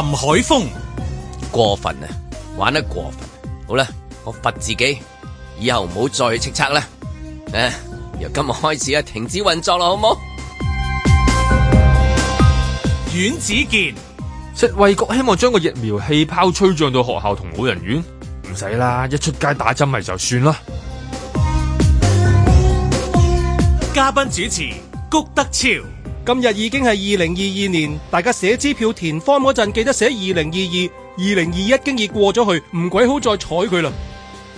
林海峰，過分啊，玩得過分。好啦，我罰自己，以後唔好再去預測啦。誒、啊，由今日開始啊，停止運作啦，好唔好？阮子健，即衛國希望將個疫苗氣泡吹脹到學校同老人院，唔使啦，一出街打針咪就算啦。嘉賓主持，谷德超。今日已經係二零二二年，大家寫支票填方嗰陣，記得寫二零二二。二零二一，經已過咗去，唔鬼好再睬佢啦！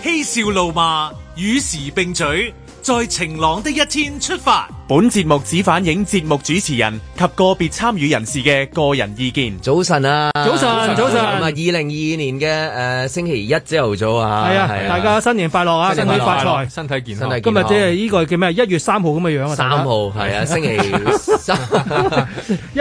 嬉笑怒罵，與時並嘴。在晴朗的一天出發。本節目只反映節目主持人及個別參與人士嘅個人意見。早晨啊，早晨，早晨。咁啊，二零二二年嘅誒星期一朝頭早啊，係啊，大家新年快樂啊，身體發財，身體健康。今日即係呢個叫咩？一月三號咁嘅樣啊。三號係啊，星期三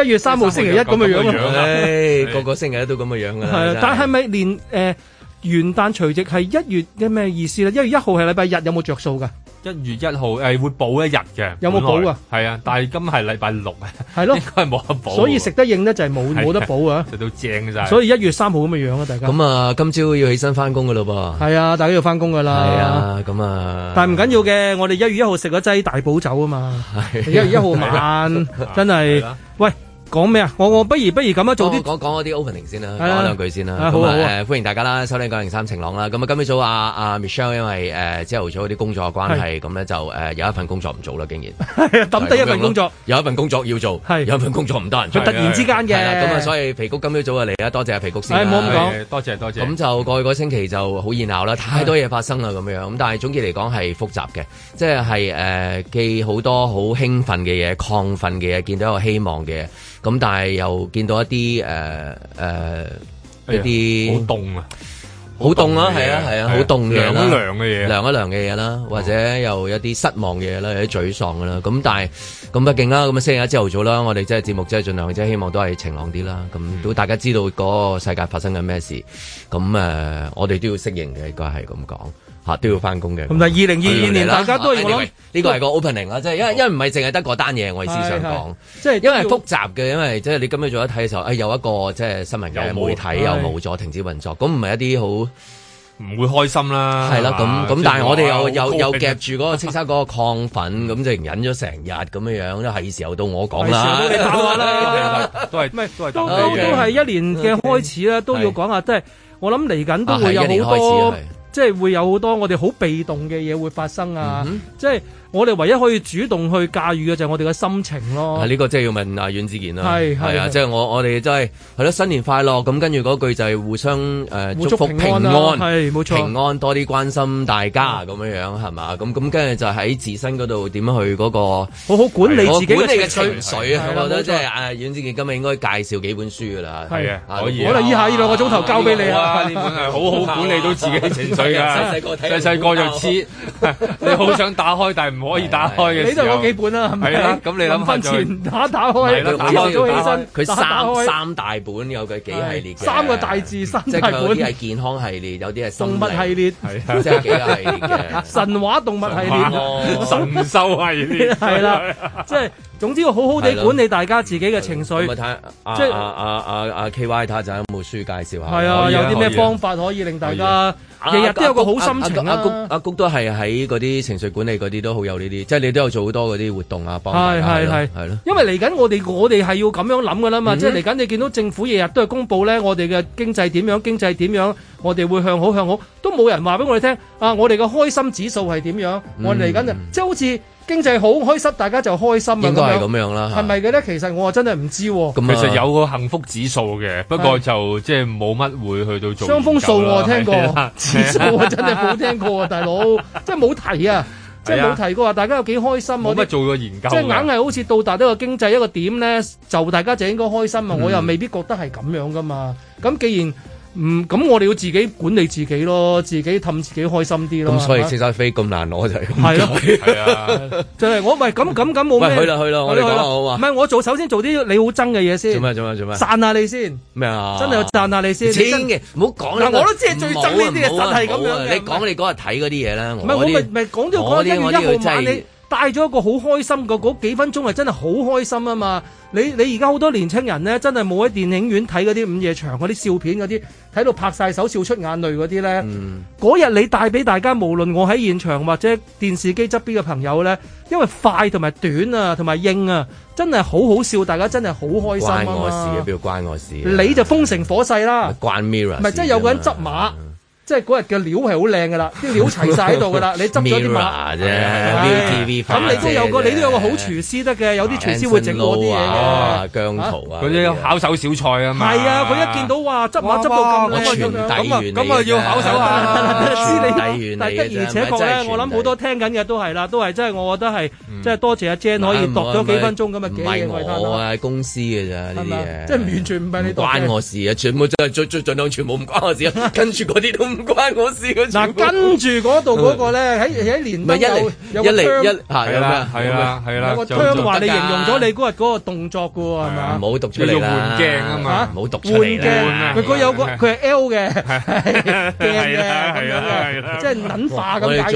一月三號星期一咁嘅樣啊。誒，個個星期一都咁嘅樣噶啦。係啊，但係咪連誒？元旦除夕係一月嘅咩意思咧？一月一號係禮拜日，有冇着數噶？一月一號係會補一日嘅，有冇補啊？係啊，但係今日係禮拜六啊，係咯，應該係冇得補，所以食得應咧就係冇冇得補啊，食到正晒，所以一月三號咁嘅樣啊，大家咁啊，今朝要起身翻工噶咯噃，係啊，大家要翻工噶啦，係啊，咁啊，但係唔緊要嘅，我哋一月一號食咗劑大補酒啊嘛，一月一號晚真係喂。講咩啊？我我不如不如咁樣做啲講講嗰啲 opening 先啦，講兩句先啦，好，啊，歡迎大家啦，收聽九零三晴朗啦。咁啊，今朝早啊阿 Michelle 因為誒朝頭早啲工作嘅關係，咁咧就誒有一份工作唔做啦，竟然。抌低一份工作，有一份工作要做，有一份工作唔得。突然之間嘅咁啊，所以皮谷今朝早啊嚟啦，多謝阿皮谷先。唔好咁講，多謝多謝。咁就過去個星期就好熱鬧啦，太多嘢發生啦，咁樣咁，但係總結嚟講係複雜嘅，即係誒記好多好興奮嘅嘢，亢奮嘅嘢，見到有希望嘅。咁但係又見到一啲誒誒一啲好凍啊，好凍啊，係啊係啊，好凍嘅嘢涼一涼嘅嘢、啊，涼一涼嘅嘢啦，或者又有一啲失望嘅嘢啦，嗯、有啲沮喪嘅啦。咁但係咁畢竟啦，咁啊，星期一朝頭早啦，我哋即係節目，即係盡量，即係希望都係晴朗啲啦。咁、嗯、都大家知道嗰個世界發生緊咩事，咁誒、呃，我哋都要適應嘅，應該係咁講。吓都要翻工嘅。咁但係二零二二年，大家都我諗呢個係個 opening 啦，即係因為唔係淨係得嗰單嘢。我意思想講，即係因為複雜嘅，因為即係你今日做一睇嘅時候，有一個即係新聞嘅媒體又冇咗，停止運作，咁唔係一啲好唔會開心啦。係啦，咁咁但係我哋又又夾住嗰個青山嗰個亢奮，咁就忍咗成日咁樣樣，都係時候到我講啦。都係都係一年嘅開始啦，都要講下，即係我諗嚟緊都會有好多。即係會有好多我哋好被動嘅嘢會發生啊！Mm hmm. 即係。我哋唯一可以主動去駕馭嘅就係我哋嘅心情咯。係呢個，真係要問阿阮子健啦。係啊，即係我我哋真係係咯，新年快樂咁，跟住嗰句就係互相誒，祝福平安。係冇錯，平安，多啲關心大家咁樣樣，係嘛？咁咁跟住就喺自身嗰度點樣去嗰個好好管理自己嘅情緒啊！我覺得即係阿阮子健今日應該介紹幾本書㗎啦。係啊，可以我嚟，以下呢兩個鐘頭交俾你啊！呢係好好管理到自己嘅情緒㗎，細細個細個就黐你好想打開，但係唔可以打開嘅，你就嗰幾本啦、啊，係咪？咁你諗翻前打打開，打開就起身。佢三三大本有佢幾系列嘅，三個大字三大本，即係有啲係健康系列，有啲係生物系列，的即係幾系列， 神話動物系列，神獸系列，係啦 即係。總之要好好地管理大家自己嘅情緒。咁、就是、啊即係阿阿阿阿 K Y 塔仔有冇書介紹下？係的啊，有啲咩方法可以令大家日日都有個好心情、啊、阿谷，阿谷，阿，谷阿谷都係喺嗰啲情緒管理嗰啲都好有呢啲，即、就、係、是、你都有做好多嗰啲活動啊，幫係係係係咯。因為嚟緊我哋我哋係要咁樣諗㗎啦嘛，即係嚟緊你見到政府日日都係公布呢，我哋嘅經濟點樣，經濟點樣，我哋會向好向好，都冇人話俾我哋聽啊！我哋嘅開心指數係點樣？我嚟緊即係好似。嗯經濟好開心，大家就開心。應該係咁樣啦，係咪嘅咧？其實我真係唔知。其實有個幸福指數嘅，不過就即係冇乜會去到做。雙峰數我聽過，指數我真係冇聽過啊，大佬，即係冇提啊，即係冇提過啊！大家有幾開心？我冇做過研究，即係硬係好似到達呢個經濟一個點咧，就大家就應該開心啊！我又未必覺得係咁樣噶嘛。咁既然嗯，咁我哋要自己管理自己咯，自己氹自己開心啲咯。咁所以清沙飛咁難攞就係。係咯，係啊，就係我唔係咁咁咁冇咩去啦去啦，我哋講下好嘛？唔係我做，首先做啲你好憎嘅嘢先。做咩做咩做咩？讚下你先。咩啊？真係要讚下你先。真嘅唔好講嗱，我都知係最憎呢啲嘢，真係咁樣。你講你嗰日睇嗰啲嘢啦。唔係我咪咪講咗講咗一號晚帶咗一個好開心嘅嗰幾分鐘係真係好開心啊嘛！你你而家好多年青人呢，真係冇喺電影院睇嗰啲午夜場嗰啲笑片嗰啲，睇到拍晒手笑出眼淚嗰啲呢。嗰日、嗯、你帶俾大家，無論我喺現場或者電視機側邊嘅朋友呢，因為快同埋短啊，同埋應啊，真係好好笑，大家真係好開心啊，關我事嘅、啊、邊個關我事、啊？你就風生火勢啦、啊，關 Mirror 咪即係有個人執馬。嗯嗯嗯。即係嗰日嘅料係好靚嘅啦，啲料齊晒喺度嘅啦，你執咗啲馬啫。咁你都有個，你都有個好廚師得嘅，有啲廚師會整嗰啲嘢嘅。姜濤啊，嗰啲考手小菜啊嘛。係啊，佢一見到哇，執馬執到咁多，咁啊要考手得啦。但係的而且確呢，我諗好多聽緊嘅都係啦，都係即係我覺得係，即係多謝阿 Jan 可以度咗幾分鐘咁啊幾嘢嘅。唔係我啊，公司嘅咋呢啲即係完全唔係你關我事啊，全部就係盡量全部唔關我事啊，跟住嗰啲都。關我事嗰？嗱，跟住嗰度嗰個咧，喺喺年尾有有個槍，嚇有咩？係啊，係啦，有個槍話你形容咗你嗰日嗰個動作嘅喎，係嘛？唔好讀出嚟啦。要用幻鏡啊嘛，唔好讀出嚟啦。佢佢有個佢係 L 嘅鏡嘅咁樣，即係撚化咁解啫。我哋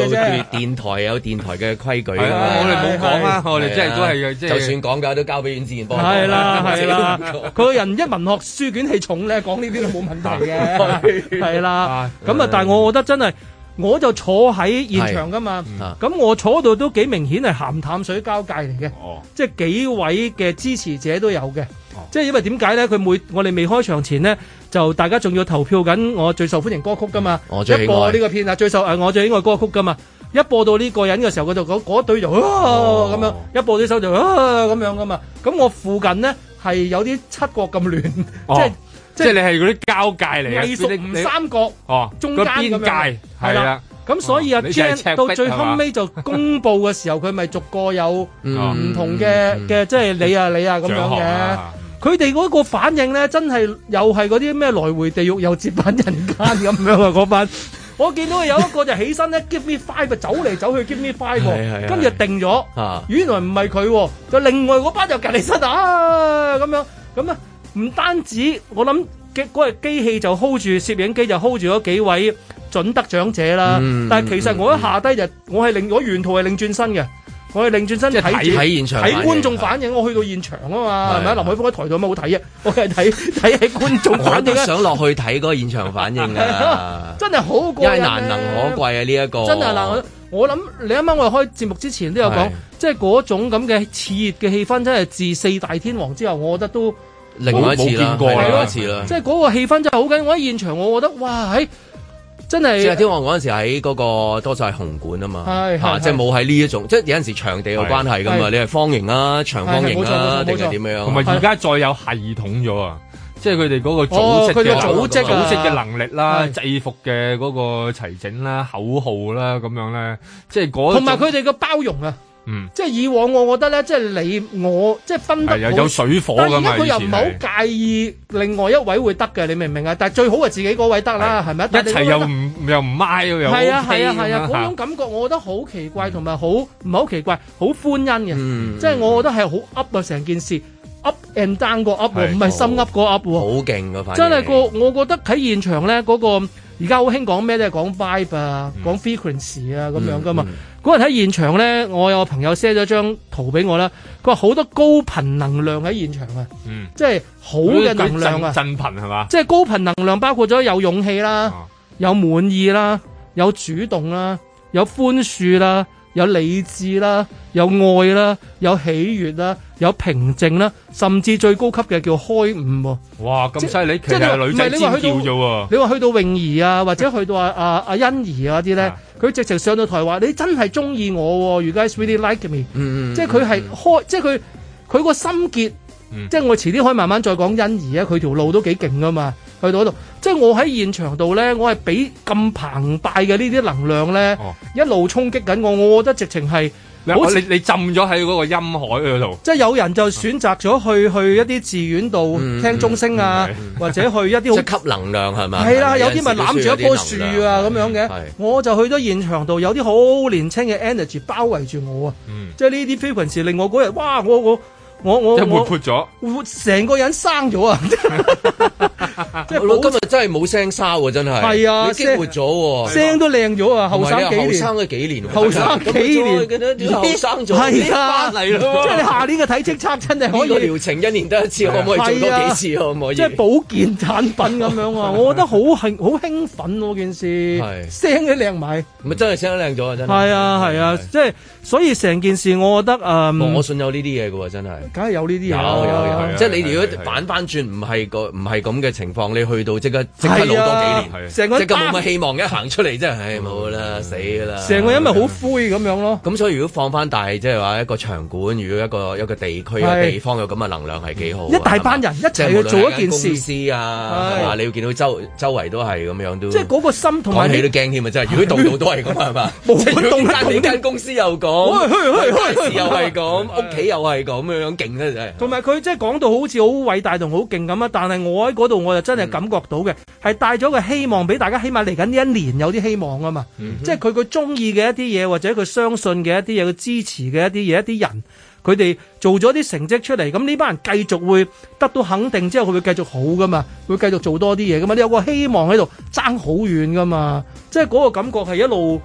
做電台有電台嘅規矩。我哋冇講啊，我哋即係都係即係。就算講嘅都交俾阮志源幫我。係啦，係啦。佢個人一文學書卷氣重咧，講呢啲都冇問題嘅。係啦。咁啊！嗯、但係我覺得真係，我就坐喺現場噶嘛。咁、嗯、我坐度都幾明顯係鹹淡水交界嚟嘅。哦、即係幾位嘅支持者都有嘅。即係、哦、因為點解咧？佢每我哋未開場前呢，就大家仲要投票緊我最受歡迎歌曲噶嘛。嗯、一播呢個片啊，最受誒我最喜愛歌曲噶嘛。一播到呢個人嘅時候，嗰度嗰嗰堆就咁、啊哦、樣，一播呢手就咁、啊、樣噶嘛。咁我附近呢，係有啲七國咁亂，即係、嗯。即係你係嗰啲交界嚟嘅，美屬三角哦，中間咁樣係啦。咁所以阿 Jack 到最後尾就公佈嘅時候，佢咪逐個有唔同嘅嘅，即係你啊你啊咁樣嘅。佢哋嗰個反應咧，真係又係嗰啲咩來回地獄又折返人間咁樣啊！嗰班我見到有一個就起身咧，Give me five 就走嚟走去，Give me five，跟住就定咗。原來唔係佢，就另外嗰班就隔離室啊咁樣咁啊。唔單止，我諗嘅嗰個機器就 hold 住攝影機就 hold 住咗幾位準得獎者啦。但係其實我一下低就，我係擰我沿途係擰轉身嘅，我係擰轉身就睇睇現場、睇觀眾反應。我去到現場啊嘛，係咪林海峰喺台度有乜好睇啊？我係睇睇睇觀眾反應，想落去睇嗰個現場反應，真係好貴，難能可貴啊！呢一個真係難，我諗你啱啱我哋開節目之前都有講，即係嗰種咁嘅熾熱嘅氣氛，真係自四大天王之後，我覺得都。另外一次啦，另外一次啦，即係嗰個氣氛真係好緊。我喺現場，我覺得哇，真係即係我嗰陣時喺嗰個多數係紅館啊嘛，吓即係冇喺呢一種，即係有陣時場地嘅關係噶啊。你係方形啊、長方形啊，定係點樣？同埋而家再有系統咗啊，即係佢哋嗰個組織嘅組織嘅能力啦、制服嘅嗰個齊整啦、口號啦咁樣咧，即係嗰同埋佢哋嘅包容啊。嗯，即係以往我覺得咧，即係你我即係分得，有水火咁嘅意思。但而家佢又唔係好介意另外一位會得嘅，你明唔明啊？但係最好係自己嗰位得啦，係咪？一齊又唔又唔嗌，又係啊係啊係啊！嗰種感覺我覺得好奇怪，同埋好唔係好奇怪，好歡欣嘅。即係我覺得係好 up 啊，成件事 up and down 過 up 唔係心 up 過 up，好勁嗰，真係個我覺得喺現場咧嗰個。而家好興講咩咧？講、就是、vibe 啊，講、嗯、frequency 啊，咁、嗯、樣噶嘛。嗰、嗯嗯、日喺現場咧，我有個朋友 send 咗張圖俾我啦。佢話好多高頻能量喺現場啊，嗯、即係好嘅能量啊。振頻係嘛？即係高頻能量，包括咗有勇氣啦，啊、有滿意啦，有主動啦，有寬恕啦。有理智啦，有愛啦，有喜悅啦，有平靜啦，甚至最高級嘅叫開悟、喔。哇！咁犀利，即其實女仔尖叫啫喎。你話去， 去到泳兒啊，或者去到啊啊欣宜嗰啲咧，佢、啊、直情上到台話 你真係中意我喎、啊，如今 really like me，、嗯嗯、即係佢係開，嗯、即係佢佢個心結，嗯、即係我遲啲可以慢慢再講欣宜啊，佢條路都幾勁㗎嘛。去度，即係我喺現場度咧，我係俾咁澎湃嘅呢啲能量咧，一路衝擊緊我，我覺得直情係，好似你你你浸咗喺嗰個陰海嗰度。即係有人就選擇咗去去一啲寺院度聽鐘聲啊，或者去一啲好吸能量係咪？係啦，有啲咪攬住一棵樹啊咁樣嘅。我就去咗現場度，有啲好年青嘅 energy 包圍住我啊！即係呢啲 frequency 令我嗰日哇，我我我我，即係活潑咗，成個人生咗啊！即係今日真係冇聲沙喎，真係係啊，你激活咗，聲都靚咗啊！後生幾年，後生咗幾年，後生咗翻嚟咯。即係你下年嘅體積測真係可以療程一年得一次，可唔可以做多幾次？可唔可以即係保健產品咁樣？我我覺得好興，好興奮呢件事。係聲都靚埋，咪真係聲都靚咗，真係係啊係啊，即係所以成件事，我覺得誒，我信有呢啲嘢嘅真係，梗係有呢啲嘢，有有有。即係你如果反翻轉，唔係個唔係咁嘅情。情況你去到即刻即刻老多幾年，即刻冇乜希望一行出嚟真係唉，冇啦死啦！成個人咪好灰咁樣咯。咁所以如果放翻，大氣即係話一個場館，如果一個一個地區嘅地方有咁嘅能量係幾好。一大班人一齊去做一件事啊！係你要見到周周圍都係咁樣都。即係嗰個心同埋都驚添真係，如果度都係咁係嘛，即係間公司又講，又係咁，屋企又係咁樣樣勁同埋佢即係講到好似好偉大同好勁咁啊！但係我喺度我。就真係感覺到嘅，係帶咗個希望俾大家，起碼嚟緊呢一年有啲希望啊嘛！嗯、哼即係佢佢中意嘅一啲嘢，或者佢相信嘅一啲嘢，佢支持嘅一啲嘢，一啲人，佢哋做咗啲成績出嚟，咁呢班人繼續會得到肯定之後，佢會繼續好噶嘛，會繼續做多啲嘢噶嘛，你有個希望喺度，爭好遠噶嘛，即係嗰個感覺係一路。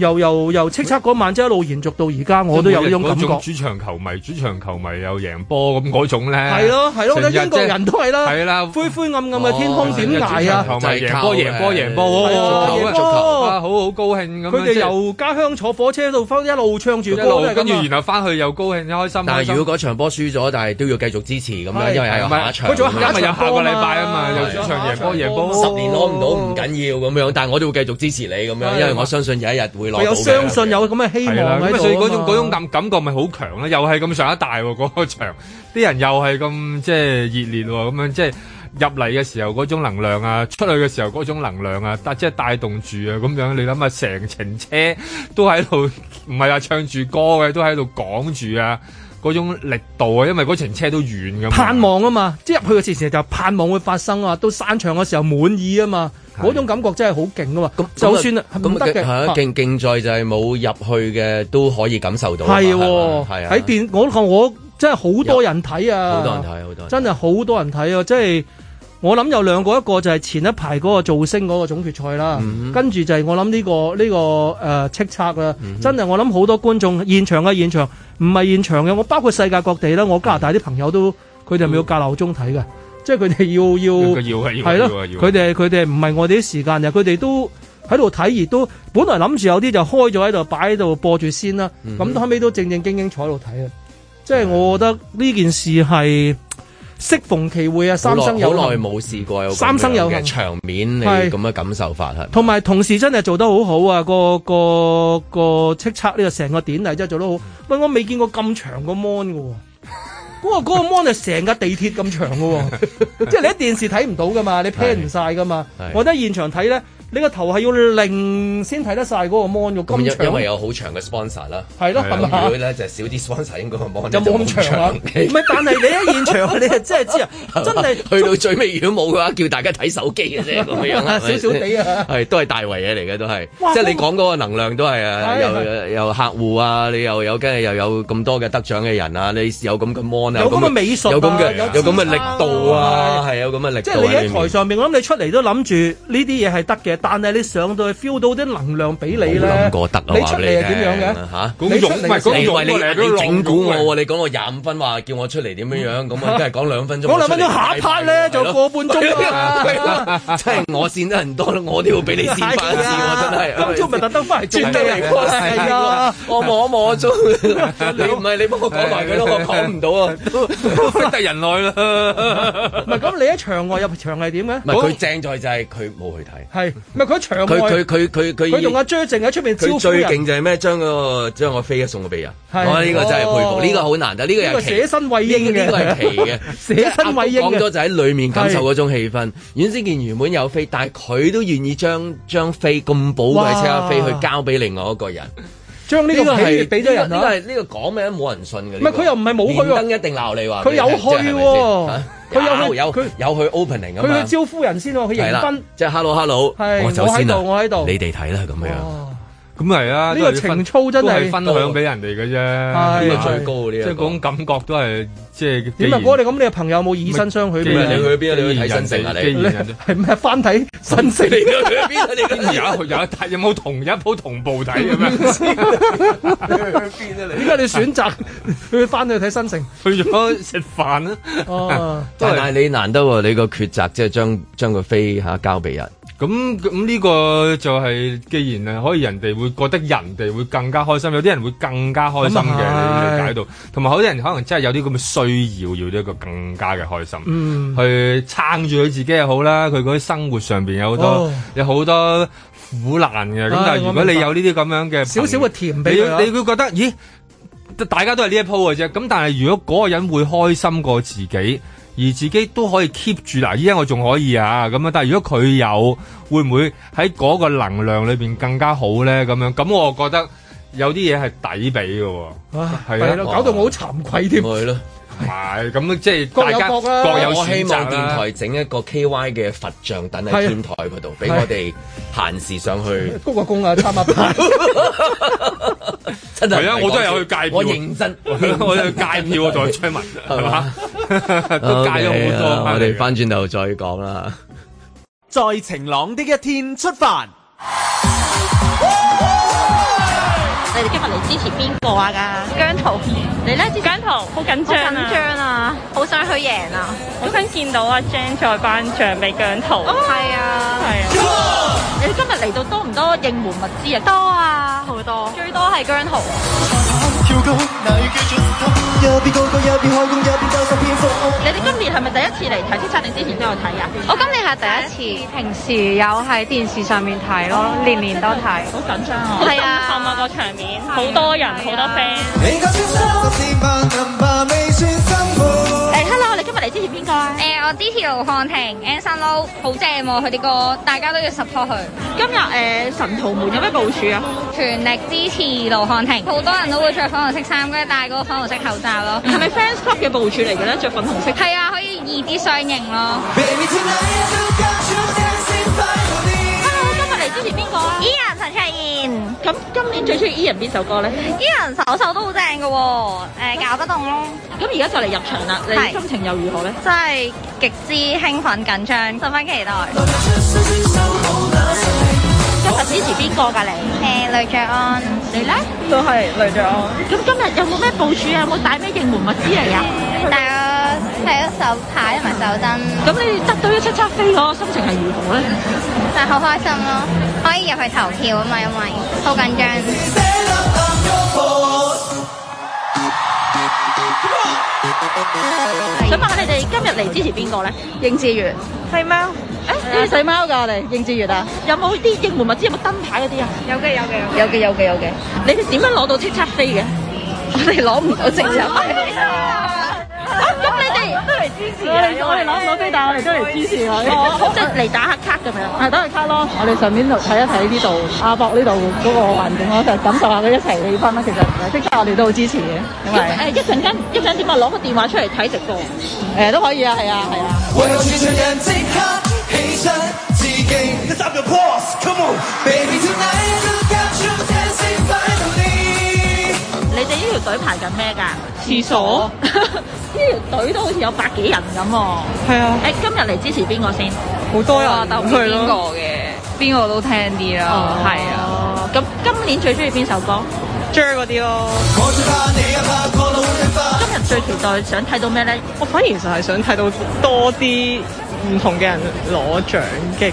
又又又叱咤嗰晚，即一路延續到而家，我都有種感覺。嗰種主場球迷，主場球迷又贏波咁嗰種咧。係咯，係咯，英國人都係啦。係啦，灰灰暗暗嘅天空點捱啊？球迷贏波，贏波，贏波，係啊，贏波，好好高興咁。佢哋由家鄉坐火車度，一路唱住歌，跟住然後翻去又高興又開心。但係如果嗰場波輸咗，但係都要繼續支持咁樣，因為有一場，佢仲有下，咪有下個禮拜啊嘛，主場贏波，贏波，十年攞唔到唔緊要咁樣，但係我都會繼續支持你咁樣，因為我相信有一日會。佢有相信有咁嘅希望，所以嗰種，種，種感感覺咪好強咧！又係咁上一大嗰，啊嗰個，場，啲人又係咁即係熱烈喎，啊，咁樣即係入嚟嘅時候嗰種能量啊，出去嘅時候嗰種能量啊，即係帶動住啊咁樣。你諗下，成程車都喺度，唔係啊，唱住歌嘅，都喺度講住啊！嗰種力度啊，因為嗰程車都遠噶嘛。盼望啊嘛，即係入去嘅時時就盼望會發生啊，到散場嘅時候滿意啊嘛，嗰、啊、種感覺真係好勁噶嘛。咁那就算係唔得嘅。係、勁、在就係冇入去嘅都可以感受到。係喎、啊，係喺、啊、電我都講，我，我真係好多人睇啊。好多人睇、啊，好多真係好多人睇啊、啊、啊，真係。我諗有兩個，一個就係前一排嗰個造星嗰個總決賽啦，跟住就係我諗呢個呢個誒叱咤啦，真係我諗好多觀眾現場嘅現場，唔係現場嘅，我包括世界各地啦，我加拿大啲朋友都佢哋咪要隔鬧鐘睇嘅，即係佢哋要要係咯，佢哋佢哋唔係我哋啲時間嘅，佢哋都喺度睇亦都本來諗住有啲就開咗喺度擺喺度播住先啦，咁後尾都正正經經坐喺度睇啊，即係我覺得呢件事係。適逢其會啊，三生有幸，好耐冇試過三生有幸嘅場面嚟，咁嘅感受法係。同埋同事真係做得好好啊，個個個叱咤呢個成個典禮真係做得好。喂，我未見過咁長 個 mon 嘅喎。嗰個嗰個 mon 就成架地鐵咁長嘅喎， 即係你喺電視睇唔到㗎嘛，你 plan 唔晒㗎嘛。我覺得現場睇咧。你個頭係要擰先睇得晒嗰個 mon 肉咁長，因為有好長嘅 sponsor 啦。係咯，係如果咧就少啲 sponsor，應該個 mon 就冇咁長。唔係，但係你喺現場，你係真係知啊，真係去到最尾，如果冇嘅話，叫大家睇手機嘅啫，咁樣啊，少少啲啊。係都係大圍嘢嚟嘅，都係。哇！即係你講嗰個能量都係啊，又有客戶啊，你又有跟住又有咁多嘅得獎嘅人啊，你有咁嘅 mon 啊，有咁嘅美，有咁嘅，有咁嘅力度啊，係有咁嘅力。即係你喺台上面，我諗你出嚟都諗住呢啲嘢係得嘅。但係你上到去 feel 到啲能量俾你咧，我咁覺得啊，你出嚟點樣嘅？嚇，你用唔係講用嚟？你整蠱我喎！你講我廿五分話叫我出嚟點樣樣，咁我梗係講兩分鐘。我兩分鐘下一 part 咧就過半鐘咯。即係我線得人多，我都要俾你線翻線喎！真係今朝咪特登翻嚟轉多嚟波啦。我摸一摸鐘，你唔係你幫我講埋佢咯，我講唔到啊，逼得人耐啦。唔係咁，你喺場外入場係點嘅？唔係佢正在就係佢冇去睇，係。唔係佢喺場外佢佢佢佢佢，佢同阿 J 正喺出邊。佢最勁就係咩？將個將個飛送咗俾人，我呢個真係佩服，呢個好難得。呢個人捨身衛英呢個係奇嘅，捨身衛英嘅。一就喺裏面感受嗰種氣氛。袁思健原本有飛，但係佢都願意將將飛咁寶貴，將飛去交俾另外一個人，將呢個飛俾咗人啦。呢個呢個講咩都冇人信嘅。唔係佢又唔係冇去，電燈一定鬧你話，佢有去。佢有去，佢有，她有去 opening 咁。佢去招呼人先咯，佢迎賓。即係、就是、hello hello，是我就我喺度，我喺度。你哋睇啦係咁樣。啊咁係、嗯、啊！呢個情操真係分享俾人哋嘅啫，呢個了最高嘅、啊、呢，即係嗰種感覺都係即係。點啊？如果，你咁你嘅朋友冇以身相許？你去邊你去睇新城啊？你係咪翻睇新城嚟 去邊啊？你有有睇有冇同一部同步睇㗎咩？去邊啊？你點解你選擇去翻去睇新城？去咗食飯啊！哦，但係你難得你個抉擇，即係將將個飛嚇交俾人。咁咁呢個就係，既然係可以人哋會覺得人哋會更加開心，有啲人會更加開心嘅理解到，同埋、嗯、有啲人可能真係有啲咁嘅需要，要呢一個更加嘅開心，嗯、去撐住佢自己又好啦。佢嗰啲生活上邊有好多、哦、有好多苦難嘅，咁唉但係如果你有呢啲咁樣嘅少少嘅甜味，你會覺得咦，大家都係呢一鋪嘅啫。咁但係如果嗰個人會開心過自己。而自己都可以 keep 住嗱，依家我仲可以啊，咁啊，但係如果佢有，會唔會喺嗰個能量裏邊更加好咧？咁樣，咁我覺得有啲嘢係抵比嘅，係啊，啊哇搞到我好慚愧添。啊係咁，即係大家各有各啊！我希望電台整一個 KY 嘅佛像等喺天台嗰度，俾我哋閒時上去鞠個躬啊，三八八。真係，係啊！我都係有去戒票，我認真，我有去戒票，我再吹埋，係嘛？都戒咗好多。我哋翻轉頭再講啦。在晴朗的一天出發。你哋今日嚟支持邊個啊？噶姜濤， 你咧姜濤，好緊張啊！好緊張啊！好想去贏啊！好想見到阿 Jan 再頒獎俾姜濤。係、哦、啊，係啊！哇 你今日嚟到多唔多應援物資啊？多啊，好多，最多係姜濤。你哋今年係咪第一次嚟睇叱咤，定之前都有睇呀？我今年係第一次，平時有喺電視上面睇咯，年年都睇。好緊張啊！係啊，冚啊個場面，好多人，好多 friend 今日嚟支持邊個啊？誒、欸，我支持盧瀚霆、Anson Lo，好正佢、啊、啲歌，大家都要 support 佢。今日誒、呃、神徒們有咩部署啊？全力支持盧瀚霆，好多人都會著粉紅色衫，跟住戴嗰粉紅色口罩咯。係咪 Fans Club 嘅部署嚟㗎咧？著粉紅色。係、嗯、啊，可以易啲相認咯。哈！今日嚟支持邊個？咦啊！Hello, 啊 Ian, 神。咁今年最中意 Ian 邊首歌咧？Ian 首首都好正嘅喎，誒、搞得掂咯。咁而家就嚟入場啦，你心情又如何咧？真係極之興奮緊張，十分期待。今日支持邊個㗎你？誒、呂爵安，你咧都係呂爵安。咁今日有冇咩部署啊？有冇帶咩應援物資嚟啊？係啊，手牌同埋手燈，咁你哋執到一七七飛，我心情係如何咧？係好開心咯，可以入去投票啊嘛，因為好緊張。想問下你哋今日嚟支持邊個咧？應志悅，細貓，誒，呢個係細貓噶我哋？應志悅啊？有冇啲應援物資？有冇燈牌嗰啲啊？有嘅，有嘅，有嘅，有嘅，有嘅。你哋點樣攞到七七飛嘅？我哋攞唔到七七。我哋我哋攞手機帶我哋出嚟支持我，即係嚟打下卡咁樣，係打下卡咯。我哋順便就睇一睇呢度阿博呢度嗰個環境咯，就 感受下佢一齊氣氛啦。其實即刻我哋都好支持嘅，因為誒、 欸、一陣間一陣點啊，攞個電話出嚟睇直播，誒、欸、都可以啊，係啊，係啊。 你呢條隊排緊咩㗎？廁所？呢條隊都好似有百幾人咁喎。係啊。誒，今日嚟支持邊個先？好多人揼佢咯。邊個嘅？邊個都聽啲啦。係啊。咁今年最鍾意邊首歌？Jer 嗰啲咯。今日最期待想睇到咩咧？我反而就係想睇到多啲唔同嘅人攞獎嘅。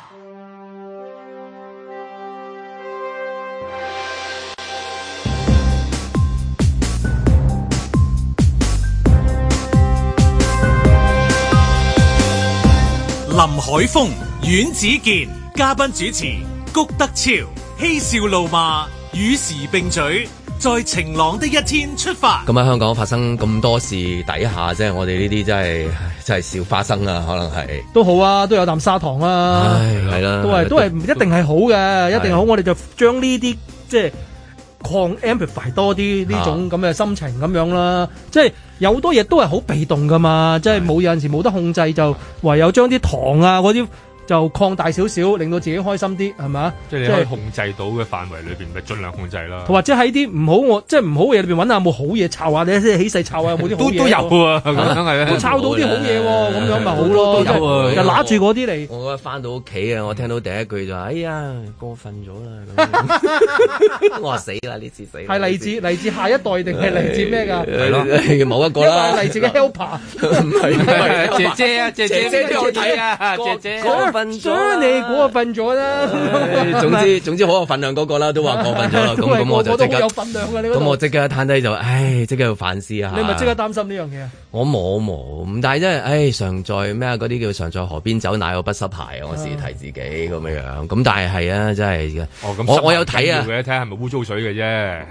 林海峰、阮子健嘉賓主持，谷德昭、嬉笑怒罵，與時並舉，在晴朗的一天出發。咁喺香港發生咁多事底下，就是，即係我哋呢啲真係真係笑花生啊，可能係都好啊，都有啖砂糖啦，唉，係啦，都係都係唔一定係好嘅，的一定係好，的我哋就將呢啲即係。就是擴 amplify 多啲呢種咁嘅心情咁樣啦，啊、即係有好多嘢都係好被動噶嘛，是的 即係冇有陣時冇得控制，就唯有將啲糖啊嗰啲。就擴大少少，令到自己開心啲，係咪？即係你控制到嘅範圍裏邊，咪盡量控制啦。或者喺啲唔好我即係唔好嘢裏邊揾下冇好嘢抄啊，或者起勢抄啊，冇啲都都有喎，咁樣抄到啲好嘢喎，咁樣咪好咯。就攞住嗰啲嚟。我覺得翻到屋企啊，我聽到第一句就哎呀，過分咗啦！我話死啦，呢次死係嚟自嚟自下一代定係嚟自咩㗎？係冇一個啦。嚟自嘅 helper 唔係，姐姐啊，姐姐，姐姐姐。咗你估我瞓咗啦？總之總之好有份量嗰個啦，都話我瞓咗啦。咁咁我就有份量嘅。咁我即刻攤低就，唉，即刻要反思啊！你咪即刻擔心呢樣嘢我冇冇，咁但係真係，唉，常在咩啊？嗰啲叫常在河邊走，哪有不濕鞋啊！我時時提自己咁樣樣。咁但係係、哦、啊，真係。我我有睇啊，睇下係咪污糟水嘅啫。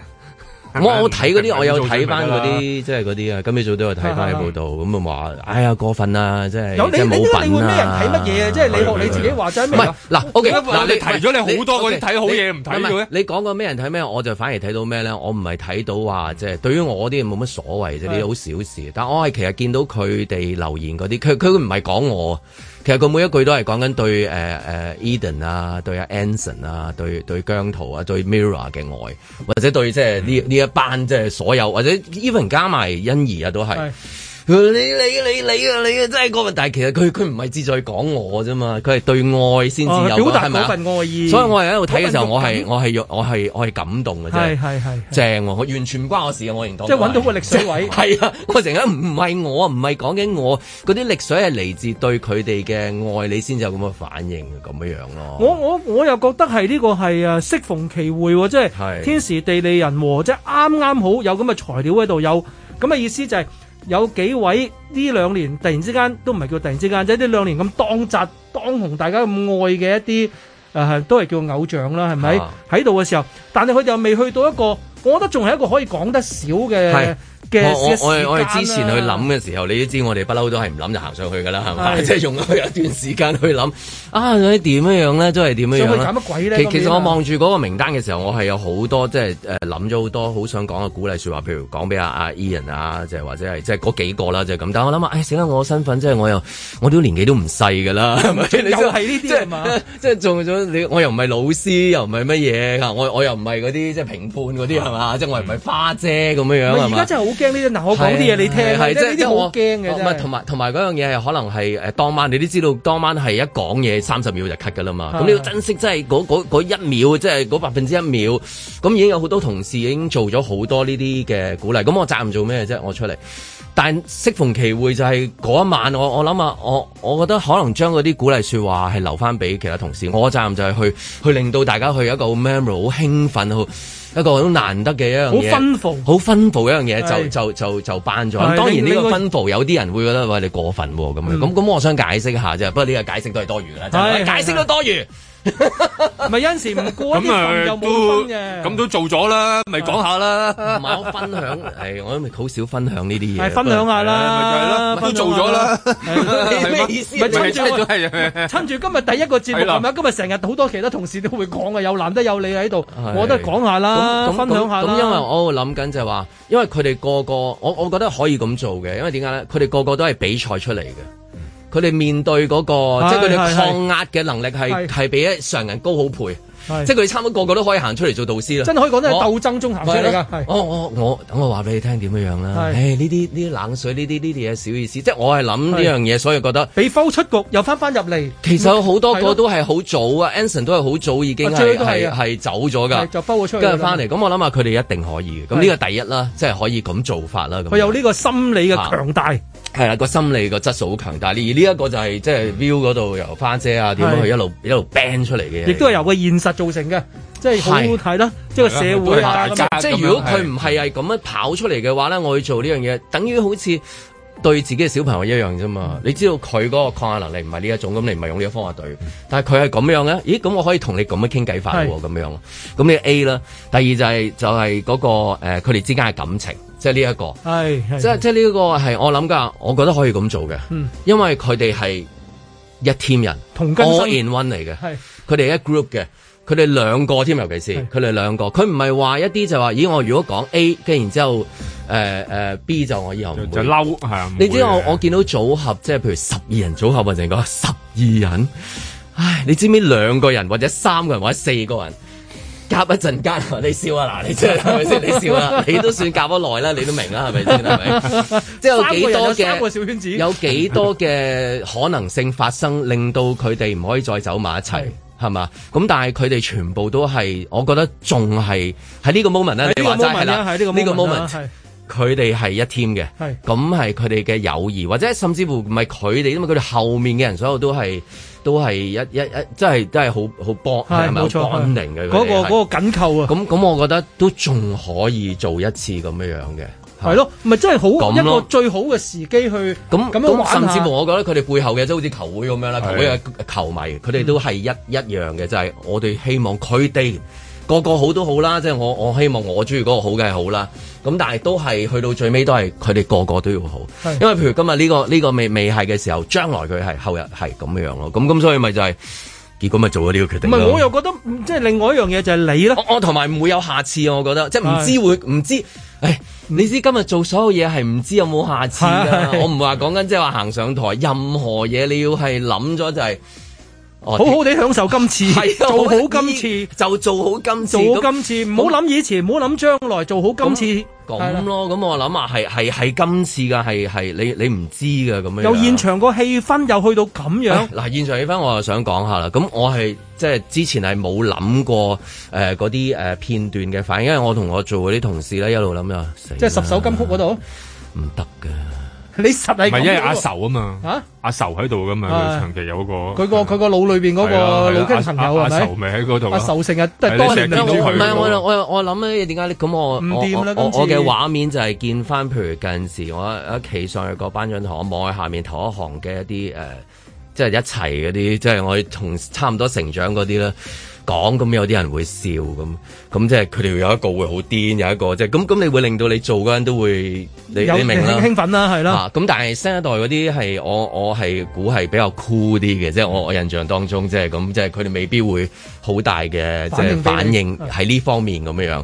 我我睇嗰啲，我有睇翻嗰啲，即係嗰啲啊，今朝早都有睇翻你報道，咁啊話，哎呀過分啦，即係即係冇品啊，你你會咩人睇乜嘢啊？即係你你自己話齋咩？唔係嗱，O K 嗱，你提咗你好多嗰啲睇好嘢唔睇嘅，你講過咩人睇咩，我就反而睇到咩咧？我唔係睇到話即係對於我啲冇乜所謂啫，你好小事。但係我係其實見到佢哋留言嗰啲，佢佢唔係講我。其實佢每一句都係講緊對誒誒、呃呃、Eden 啊，對阿、啊、Anson 啊，對對姜濤啊，對 MIRROR 嘅愛，或者對即係呢呢一班即係所有，或者 even 加埋欣怡啊都係。你你你你啊！你啊，真係嗰個問題，但係其實佢佢唔係志在講我啫嘛，佢係對愛先至有份表達 吧愛意，所以我係喺度睇嘅時候，我係我係我係我係感動嘅啫，係係係正喎，完全唔關我事，我認同，即係揾到個力水位係 啊，我成日唔係我唔係講緊我嗰啲力水係嚟自對佢哋嘅愛，你先至有咁嘅反應咁樣樣咯、啊。我我我又覺得係呢個係誒適逢其會喎，即係天時地利人和，即係啱啱好有咁嘅材料喺度，有咁嘅意思就係、是。有幾位呢兩年突然之間都唔係叫突然之間，即係呢兩年咁當紮當紅，大家咁愛嘅一啲，誒、呃、都係叫偶像啦，係咪？喺度嘅時候，但係佢哋又未去到一個，我覺得仲係一個可以講得少嘅。啊、我我我係之前去諗嘅時候，你知都知我哋不嬲都係唔諗就行上去噶啦，係嘛？即係唉用咗佢一段時間去諗啊，點樣樣咧，都係點樣樣啦。呢其實其實我望住嗰個名單嘅時候，嗯、我係有好多即係誒諗咗好多好想講嘅鼓勵説話，譬如講俾阿阿 Ian 啊，即、就、係、是、或者係即係嗰幾個啦，就是、但係我諗啊，誒死啦！我身份即係我又我啲年紀都唔細噶啦，有你又係呢啲係嘛？即係做咗你，我又唔係老師，又唔係乜嘢我我又唔係嗰啲即係評判嗰啲係嘛？即係我又唔係花姐咁、嗯、樣樣係嘛？好驚呢啲，嗱、嗯、我講啲嘢你聽，係即係呢啲好驚嘅。咁啊即，同埋同埋嗰樣嘢係可能係誒、呃、當晚，你都知道當晚係一講嘢三十秒就咳㗎喇嘛。咁的你要珍惜，真係嗰一秒，即係嗰百分之一秒。咁已經有好多同事已經做咗好多呢啲嘅鼓勵。咁我責任做咩啫？我出嚟。但適逢其會就係嗰一晚，我我諗下，我我，我覺得可能將嗰啲鼓勵説話係留翻俾其他同事。我嘅責任就係去去令到大家去有一個好 memory 好興奮，好一個好難得嘅一樣嘢。好吩咐，好吩咐一樣嘢就是就就就辦咗。班是當然呢該個吩咐有啲人會覺得喂，你過分喎咁樣。咁咁、嗯、我想解釋一下啫，不過呢個解釋都係多餘嘅，解釋都多餘。咪有陣時唔過咁啲群又冇分嘅，咁都做咗啦，咪講下啦。唔我分享，係我都咪好少分享呢啲嘢。分享下啦，都做咗啦。你咩意思？咪趁住，趁住今日第一個節目，咁今日成日好多其他同事都會講嘅，有男得有你喺度，我都係講下啦，分享下。咁因為我會諗緊就話，因為佢哋個個，我我覺得可以咁做嘅，因為點解咧？佢哋個個都係比賽出嚟嘅。佢哋面對嗰、那個，是即係佢哋抗壓嘅能力係係是比常人高好多倍。即係佢差唔多個個都可以行出嚟做導師啦，真係可以講係鬥爭中行出嚟㗎。我我我，等我話俾你聽點樣樣啦。呢啲呢啲冷水，呢啲呢啲嘢小意思。即係我係諗呢樣嘢，所以覺得被拋出局，又翻翻入嚟。其實有好多個都係好早啊，Anson 都係好早已經係係走咗㗎，就拋咗出。跟住翻嚟，咁我諗下佢哋一定可以嘅。咁呢個第一啦，即係可以咁做法啦。佢有呢個心理嘅強大。係啦，個心理個質素好強大。而呢一個就係即係 view 嗰度由花姐啊，點樣去一路一路 ban 出嚟嘅。亦都係有個現實。造成嘅，即係好睇啦。即係個社會啊，即係如果佢唔係係咁樣跑出嚟嘅話咧，我去做呢樣嘢，等於好似對自己嘅小朋友一樣啫嘛。你知道佢嗰個抗壓能力唔係呢一種，咁你唔係用呢個方法對。但係佢係咁樣嘅。咦？咁我可以同你咁樣傾偈法喎，咁樣咯。咁你 A 啦，第二就係就係嗰個誒，佢哋之間嘅感情，即係呢一個，即係即係呢一個係我諗噶，我覺得可以咁做嘅，因為佢哋係一 team 人 all in one 嚟嘅，佢哋係一 group 嘅。佢哋兩個添，尤其是佢哋兩個，佢唔係話一啲就話，咦？我如果講 A，跟然之後，誒、呃、誒、呃、B 就我以後唔會就嬲、啊、你知我會我見到組合，即係譬如十二人組合或成個十二人，唉！你知唔知兩個人或者三個人或者四個人夾一陣間，你笑啊嗱！你真係咪先？你笑啦、啊 啊，你都算夾得耐啦，你都明啦，係咪先？係咪？即係有幾多嘅三、個三個小圈子， 有幾多嘅可能性發生，令到佢哋唔可以再走埋一齊。 係嘛？咁但係佢哋全部都係，我覺得仲係喺呢個 moment 咧 mom。你話齋係啦，呢個 moment 佢哋係一 team 嘅，咁係佢哋嘅友誼，或者甚至乎唔係佢哋，因為佢哋後面嘅人，所有都係都係一一一，即係都係好好搏，係冇錯，安寧嘅嗰個嗰個緊扣啊。咁咁，我覺得都仲可以做一次咁樣樣嘅。係咯，咪真係好一個最好嘅時機去咁咁，甚至乎我覺得佢哋背後嘅即好似球會咁樣啦，球會嘅球迷，佢哋都係一一樣嘅，嗯、就係我哋希望佢哋個個好都好啦。即、就、係、是、我我希望我中意嗰個好嘅好啦。咁但係都係去到最尾都係佢哋個個都要好，的因為譬如今日呢、這個呢、這個未未係嘅時候，將來佢係後日係咁樣咯。咁咁所以咪就係、是、結果咪做咗呢個決定。唔係我又覺得即係、就是、另外一樣嘢就係你咯，我同埋唔會有下次，我覺得即係唔知會唔知會。哎，你知今日做所有嘢係唔知有冇下次噶，啊啊、我唔話講緊即係話行上台任何嘢，你要係諗咗就係、是。Oh, 好好地享受今次，做好今次就做好今次做好今次，唔 好諗那以前，唔好諗將來，做好今次。咁咯樣，咁了我諗啊，係係係今次噶，係係你你唔知噶咁樣。又現場個氣氛又去到咁樣。嗱、哎，現場氣氛我啊想講下啦。咁我係即係之前係冇諗過誒嗰啲誒片段嘅反應，因為我同我做嗰啲同事咧一路諗啊，即係十首金曲嗰度唔得㗎。你實係唔係因為阿愁啊嘛？嚇、啊，阿愁喺度噶嘛？長期的有個佢個佢的個腦裏邊嗰個老交朋友阿愁咪喺嗰度？阿、啊、愁成日都成日聽到佢。唔係我我我諗嘢點解咧？咁我唔掂我嘅畫面就係見翻，譬如近時我企上去個頒獎台，我望下下面頭一行嘅一啲誒、呃，即係一齊嗰啲，即係我同差唔多成長嗰啲啦。講咁有啲人會笑咁，咁即係佢哋有一個會好癲，有一個即係咁咁，即係、你會令到你做嗰人都會你有你明顯興奮啦，係啦。咁、啊、但係新一代嗰啲係我我係估係比較酷啲嘅，即係我我印象當中即係咁，即係佢哋未必會好大嘅即係反應喺呢方面咁樣樣。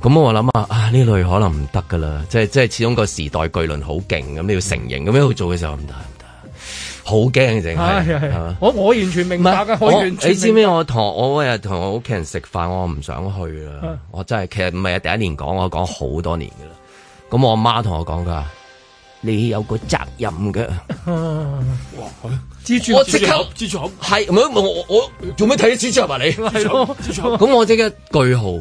咁、嗯嗯、我諗啊啊呢類可能唔得噶啦，即係即係始終個時代巨輪好勁咁你要成形，咁、嗯、樣去做嘅時候唔得。好驚淨係，我我完全明白。你知唔知我同我嗰日同我屋企人食飯，我唔想去啦。我真係其實唔係啊！第一年講，我講好多年噶啦。咁我阿媽同我講，佢話你有個責任嘅。哇！蜘蛛我即刻蜘係我我做咩睇到蜘蛛俠。咁我即刻句號。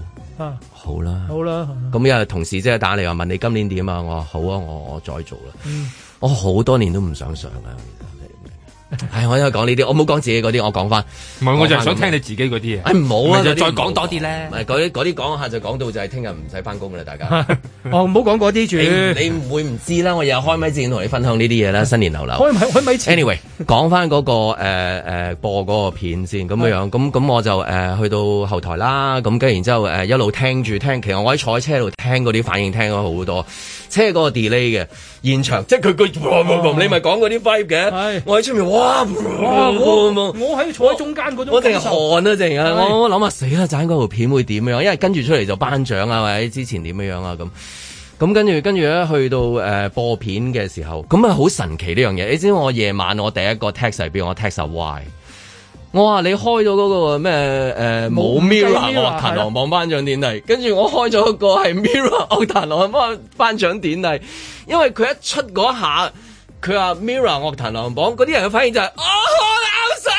好啦，好啦。咁又係同事即刻打嚟話問你今年點啊？我話好啊，我我再做啦。我好多年都唔想上啊。係，我應該講呢啲，我唔好講自己嗰啲，我講翻。唔係不，回我就係想聽你自己嗰啲嘢。哎，唔好啊，就再講多啲咧。嗰啲嗰啲講下就講到就係聽日唔使翻工啦，大家。 哦，唔好講嗰啲住，你唔會唔知啦。我日日開咪前同你分享呢啲嘢啦，新年流流。開、開咪開咪 Anyway，講翻嗰個誒誒、呃呃、播嗰個片先咁樣樣，咁咁 我就誒、呃、去到後台啦，咁跟然之後誒、呃、一路聽住聽，其實我喺坐喺車度聽嗰啲反應聽咗好多，車嗰個 delay 嘅現場，即係佢佢，你咪講嗰啲 vibe 嘅， 我喺出面。哇哇！我我喺坐喺中間嗰種，我淨係汗啊，淨係我我諗下死啦，就喺嗰條片會點樣？因為跟住出嚟就頒獎啊，或者之前點樣啊咁咁，跟住跟住咧去到誒、呃、播片嘅時候，咁啊好神奇呢樣嘢！你知我夜晚我第一個 text 嚟，邊我 text Y。我話你開咗嗰個咩誒冇 mirror 我特羅榜頒獎典禮，跟住我開咗個係 mirror 奧特羅頒獎典禮，因為佢一出嗰下。佢話 MIRROR 樂壇排行榜嗰啲人嘅反應就係、是，哦、oh, 啱晒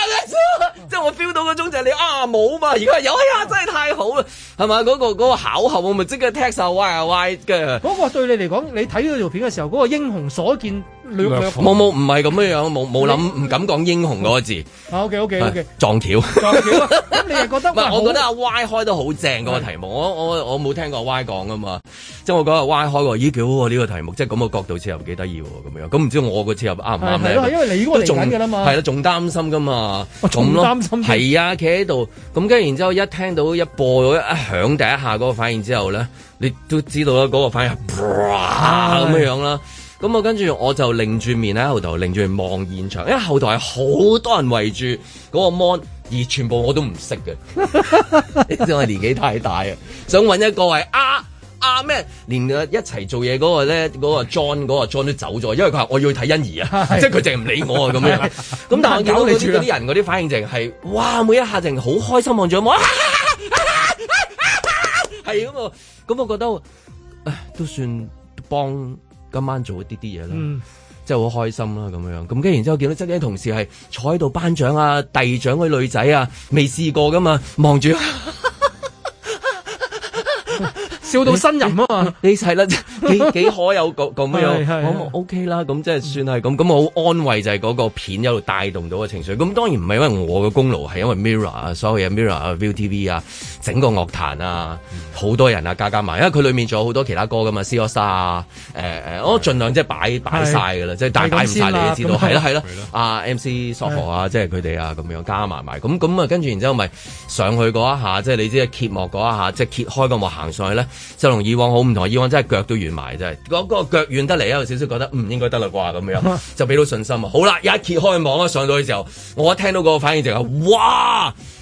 啦！即係我 feel 到嗰種就係你啊冇嘛，而家有哎呀，真係太好啦，係咪？嗰、那個巧合、那個、我咪即刻踢曬 Y R Y 嘅。嗰、那個對你嚟講，你睇到條片嘅時候，嗰、那個英雄所見。冇冇，唔係咁嘅樣，冇冇諗，唔敢講英雄嗰個字。O K O K O K 撞橋，你又覺得？我覺得阿 Y 開得好正嗰個題目。我我我冇聽過 Y 講㗎嘛。即係我講阿 Y 開，咦，幾好呢個題目，即係咁嘅角度切入幾得意咁樣。咁唔知我個切入啱唔啱咧？因為你如果嚟啦嘛，係啦，仲擔心噶嘛。哦，仲擔心。係啊，企喺度，咁跟住然之後一聽到一播咗一響第一下嗰個反應之後咧，你都知道啦，嗰個反應咁樣樣啦。咁我跟住我就擰住面喺後台擰住望現場，因為後台係好多人圍住嗰個 mon，而全部我都唔識嘅，因 為年紀太大啊。想揾一個係啊啊咩，Man! 連一齊做嘢嗰個咧嗰個 John 嗰個 John 都走咗，因為佢話我要去睇欣宜啊，即係佢凈係唔理我啊咁樣。咁但係我見到佢嗰啲人嗰啲反應就係哇，每一下就係好開心望住個 mon 係咁，咁我覺得唉都算幫今晚做一啲啲嘢啦，嗯，即係好開心啦咁樣，咁跟住然之後見到真啲同事係坐喺度頒獎啊、遞獎嗰啲女仔啊，未試過噶嘛，望住。 笑到新人啊嘛，你係啦，幾幾可有？咁咁樣，咁 OK 啦，咁即係算係咁，咁我好安慰就係嗰個片一路帶動到嘅情緒。咁當然唔係因為我嘅功勞，係因為 Mirror 啊所有嘢 Mirror 啊 ViuTV 啊，整個樂壇啊，好多人啊，加加埋，因為佢裡面仲有好多其他歌噶嘛 C AllStar 啊，誒，我盡量即係擺擺晒㗎啦，即係但係擺唔曬你都知道，係咯係咯，阿 MC $oHo 啊，即係佢哋啊咁樣加埋埋，咁咁啊跟住然之後咪上去嗰一下，即係你知揭幕嗰一下，即係揭開個幕行上去咧。就同以往好唔同，以往真係腳都軟埋，真係嗰個腳軟得嚟咧，有少少覺得唔、嗯、應該得啦啩咁樣，就俾到信心啊！好啦，一揭開網啊，上到去時候，我一聽到個反應就係哇！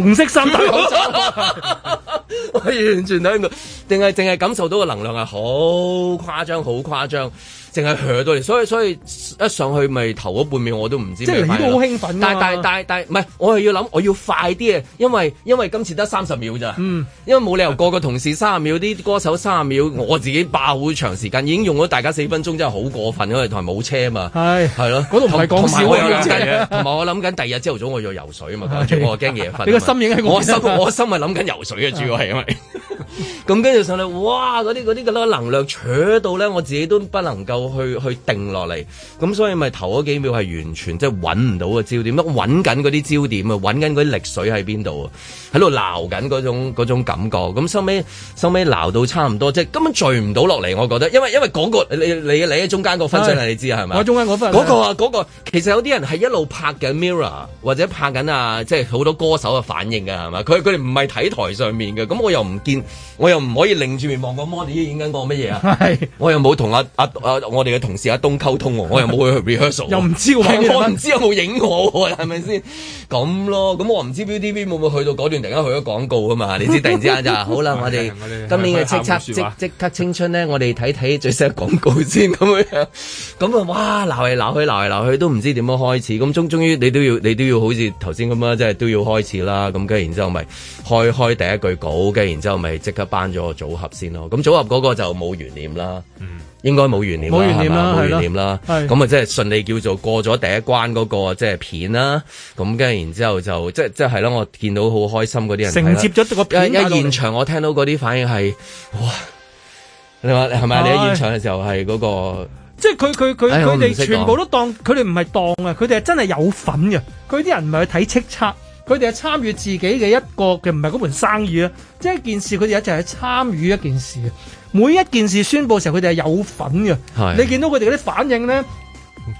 紅色衫，我完全睇唔到，定係淨係感受到個能量係好誇張，好誇張。淨係扯到你，所以所以一上去咪頭嗰半秒我都唔知。即係你都好興奮。但係但係但係但係唔係，我係要諗，我要快啲啊！因為因為今次得三十秒咋。嗯。因為冇理由個個同事三十秒，啲歌手三十秒，我自己霸好長時間，已經用咗大家四分鐘，真係好過分，因為台冇車啊嘛。係。係咯。嗰度唔係講笑啊！兩樣嘢。同埋我諗緊，第二日朝頭早我要游水啊嘛，我驚夜瞓。你個心已經係我心。我心咪諗緊游水啊！主要係因為。咁跟住上嚟，哇！嗰啲嗰啲咁多能量扯到咧，我自己都不能夠。我去去定落嚟，咁所以咪頭嗰幾秒係完全即係揾唔到個焦點，咁揾緊嗰啲焦點啊，揾緊嗰啲力水喺邊度啊，喺度鬧緊嗰種種感覺，咁收尾收尾鬧到差唔多，即係根本聚唔到落嚟，我覺得，因為因為講過你你你喺中間個分析你知係咪？我中間嗰分嗰個啊個，其實有啲人係一路拍緊 mirror 或者拍緊啊，即係好多歌手嘅反應㗎係嘛，佢佢哋唔係睇台上面嘅，咁我又唔見，我又唔可以擰住面望個 mon 影緊個乜嘢啊，我又冇同阿阿。我哋嘅同事阿、啊、東溝通、哦，我又冇去 re rehearsal，、啊、 又唔知我唔知有冇影我喎、啊，係咪先咁咯？咁我唔知 BTV 會唔會去到嗰段，突然間去咗廣告啊嘛？你知突然之間就是， 好啦， 我哋今年嘅、啊、即刻即，即刻青春咧，我哋睇睇最新嘅廣告先。咁樣，樣，咁啊，哇，鬧嚟鬧去，鬧嚟鬧去，都唔知點樣開始。咁終終於你，你都要，你都要好似頭先咁啊，即係都要，都要開始啦。咁跟住然之後咪開開第一句稿，跟住然之後咪即刻班咗個組合先咯。咁組合嗰個就冇懸念啦。嗯應該冇懸念啦，係嘛？冇懸吧念啦，咁啊的，即係順利叫做過咗第一關嗰個即係片啦。咁跟住，然之後,後就即即係啦。的我見到好開心嗰啲人承接咗個片喺現場我聽到嗰啲反應係哇！是是唉你話你係咪你喺現場嘅時候係嗰、那個？即係佢佢佢佢哋全部都當佢哋唔係當啊！佢哋係真係有份嘅。佢啲人唔係去睇叱咤，佢哋係參與自己嘅一個嘅，唔係嗰盤生意啊！即、就、係、是、一件事，佢哋一直係、就是、參與一件事,一件事。每一件事宣布嘅時候，佢哋係有份嘅。的你見到佢哋嗰啲反應咧，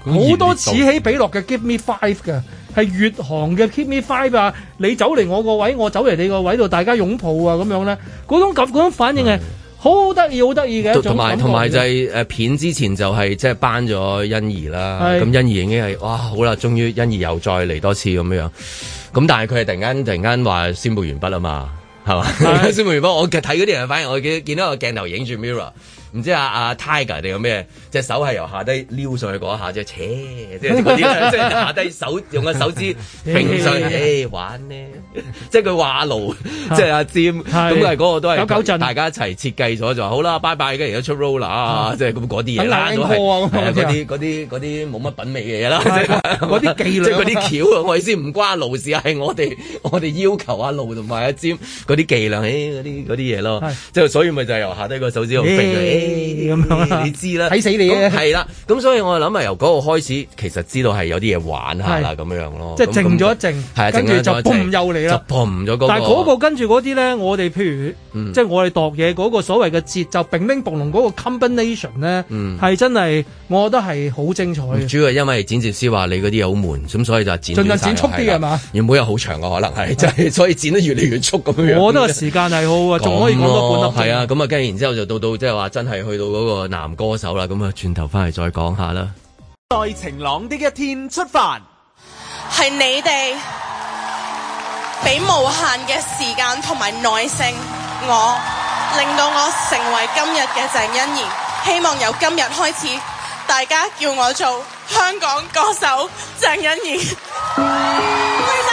好多此起彼落嘅 give me five 嘅，係越行嘅 give me five 啊！你走嚟我個位，我走嚟你個位度，大家擁抱啊咁樣咧，嗰種咁嗰種反應係好得意，好得意嘅同埋同埋就係、是、誒、啊、片之前就係即係頒咗欣宜啦，咁的欣宜已經係哇好啦，終於欣宜又再嚟多次咁樣。咁但係佢係突然間突然間話宣布完畢啦嘛。係嘛？先唔好，我其實睇嗰啲人反，反而我見見到個鏡頭影住 Mirror。唔知阿阿 Tiger 定有咩隻手係由下低撩上去嗰一下，即係即係即係下低手用個手指平上去玩咧，即係佢話路，即係阿尖，咁咪嗰個都係大家一齊設計咗就好啦，拜拜。跟住而家出 roller 啊，即係咁嗰啲嘢都係嗰啲啲啲冇乜品味嘅嘢啦，嗰啲技倆，即嗰啲橋啊。我意思唔關路事啊，係我哋我哋要求阿路同埋阿尖嗰啲技量，誒嗰啲啲嘢咯，即係所以咪就由下低個手指度咁樣你知啦，睇死你咧，係啦，咁所以我諗埋由嗰個開始，其實知道係有啲嘢玩下啦，咁樣樣咯，即係靜咗一靜，跟住就砰又嚟啦，砰咗個。但係嗰個跟住嗰啲咧，我哋譬如即係我哋度嘢嗰個所謂嘅節奏並鳴盤龍嗰個 combination 咧，係真係我覺得係好精彩。主要係因為剪接師話你嗰啲嘢好悶，咁所以就剪盡量剪速啲係嘛？原本有好長嘅可能係就係所以剪得越嚟越速咁樣。我覺得時間係好啊，仲可以講多半粒鍾。係啊，咁啊，跟住然之後就到到即係話真係。係去到個男歌手啦，咁啊轉頭翻嚟再講下啦。在晴朗的一天出發，係 你哋俾無限嘅時間同埋耐性，我令到我成為今日嘅鄭欣宜。希望由今日開始，大家叫我做香港歌手鄭欣宜。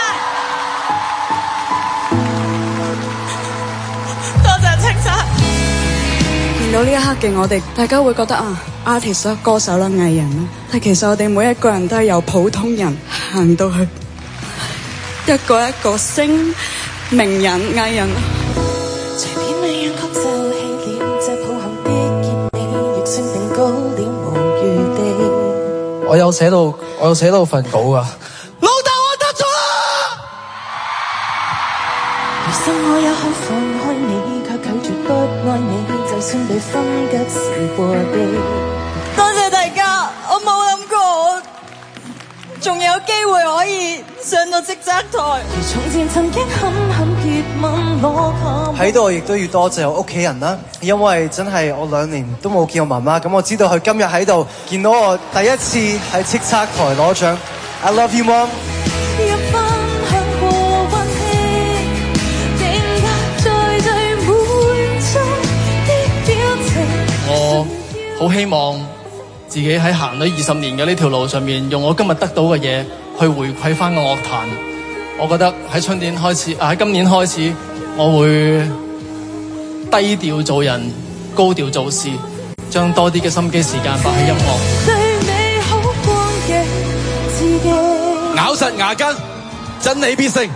到呢一刻嘅我哋，大家會覺得啊，artist 啦、歌手啦、藝人啦，但其實我哋每一個人都係由普通人行到去一個一個星、名人、藝人。我有寫到，我有寫到份稿啊！老豆，我得咗啦！餘生我也好。多謝大家，我冇諗過我仲有機會可以上到叱咤台。從前曾經狠狠結吻我，喺度亦都要多謝我屋企人啦，因為真係我兩年都冇見我媽媽，咁我知道佢今日喺度見到我第一次喺叱咤台攞獎。I love you, mom. 好希望自己喺行咗二十年嘅呢條路上面，用我今日得到嘅嘢去回饋翻個樂壇。我覺得喺春天開始，啊、呃、喺今年開始，我會低調做人，高調做事，將多啲嘅心機時間擺喺音樂。咬實牙根，真理必勝。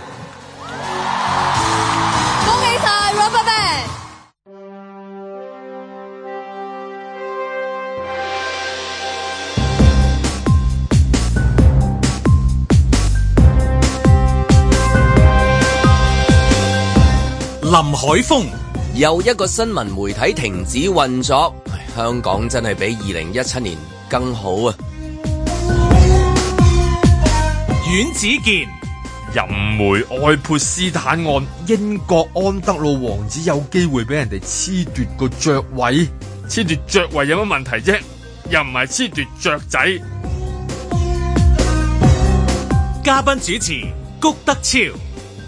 林海峰，又一個新聞媒體停止運作，香港真係比二零一七年更好啊！阮子健，淫媒愛潑斯坦案，英國安德魯王子有機會俾人哋褫奪個爵位，褫奪爵位有乜問題啫？又唔係褫奪雀仔。嘉賓主持谷德超。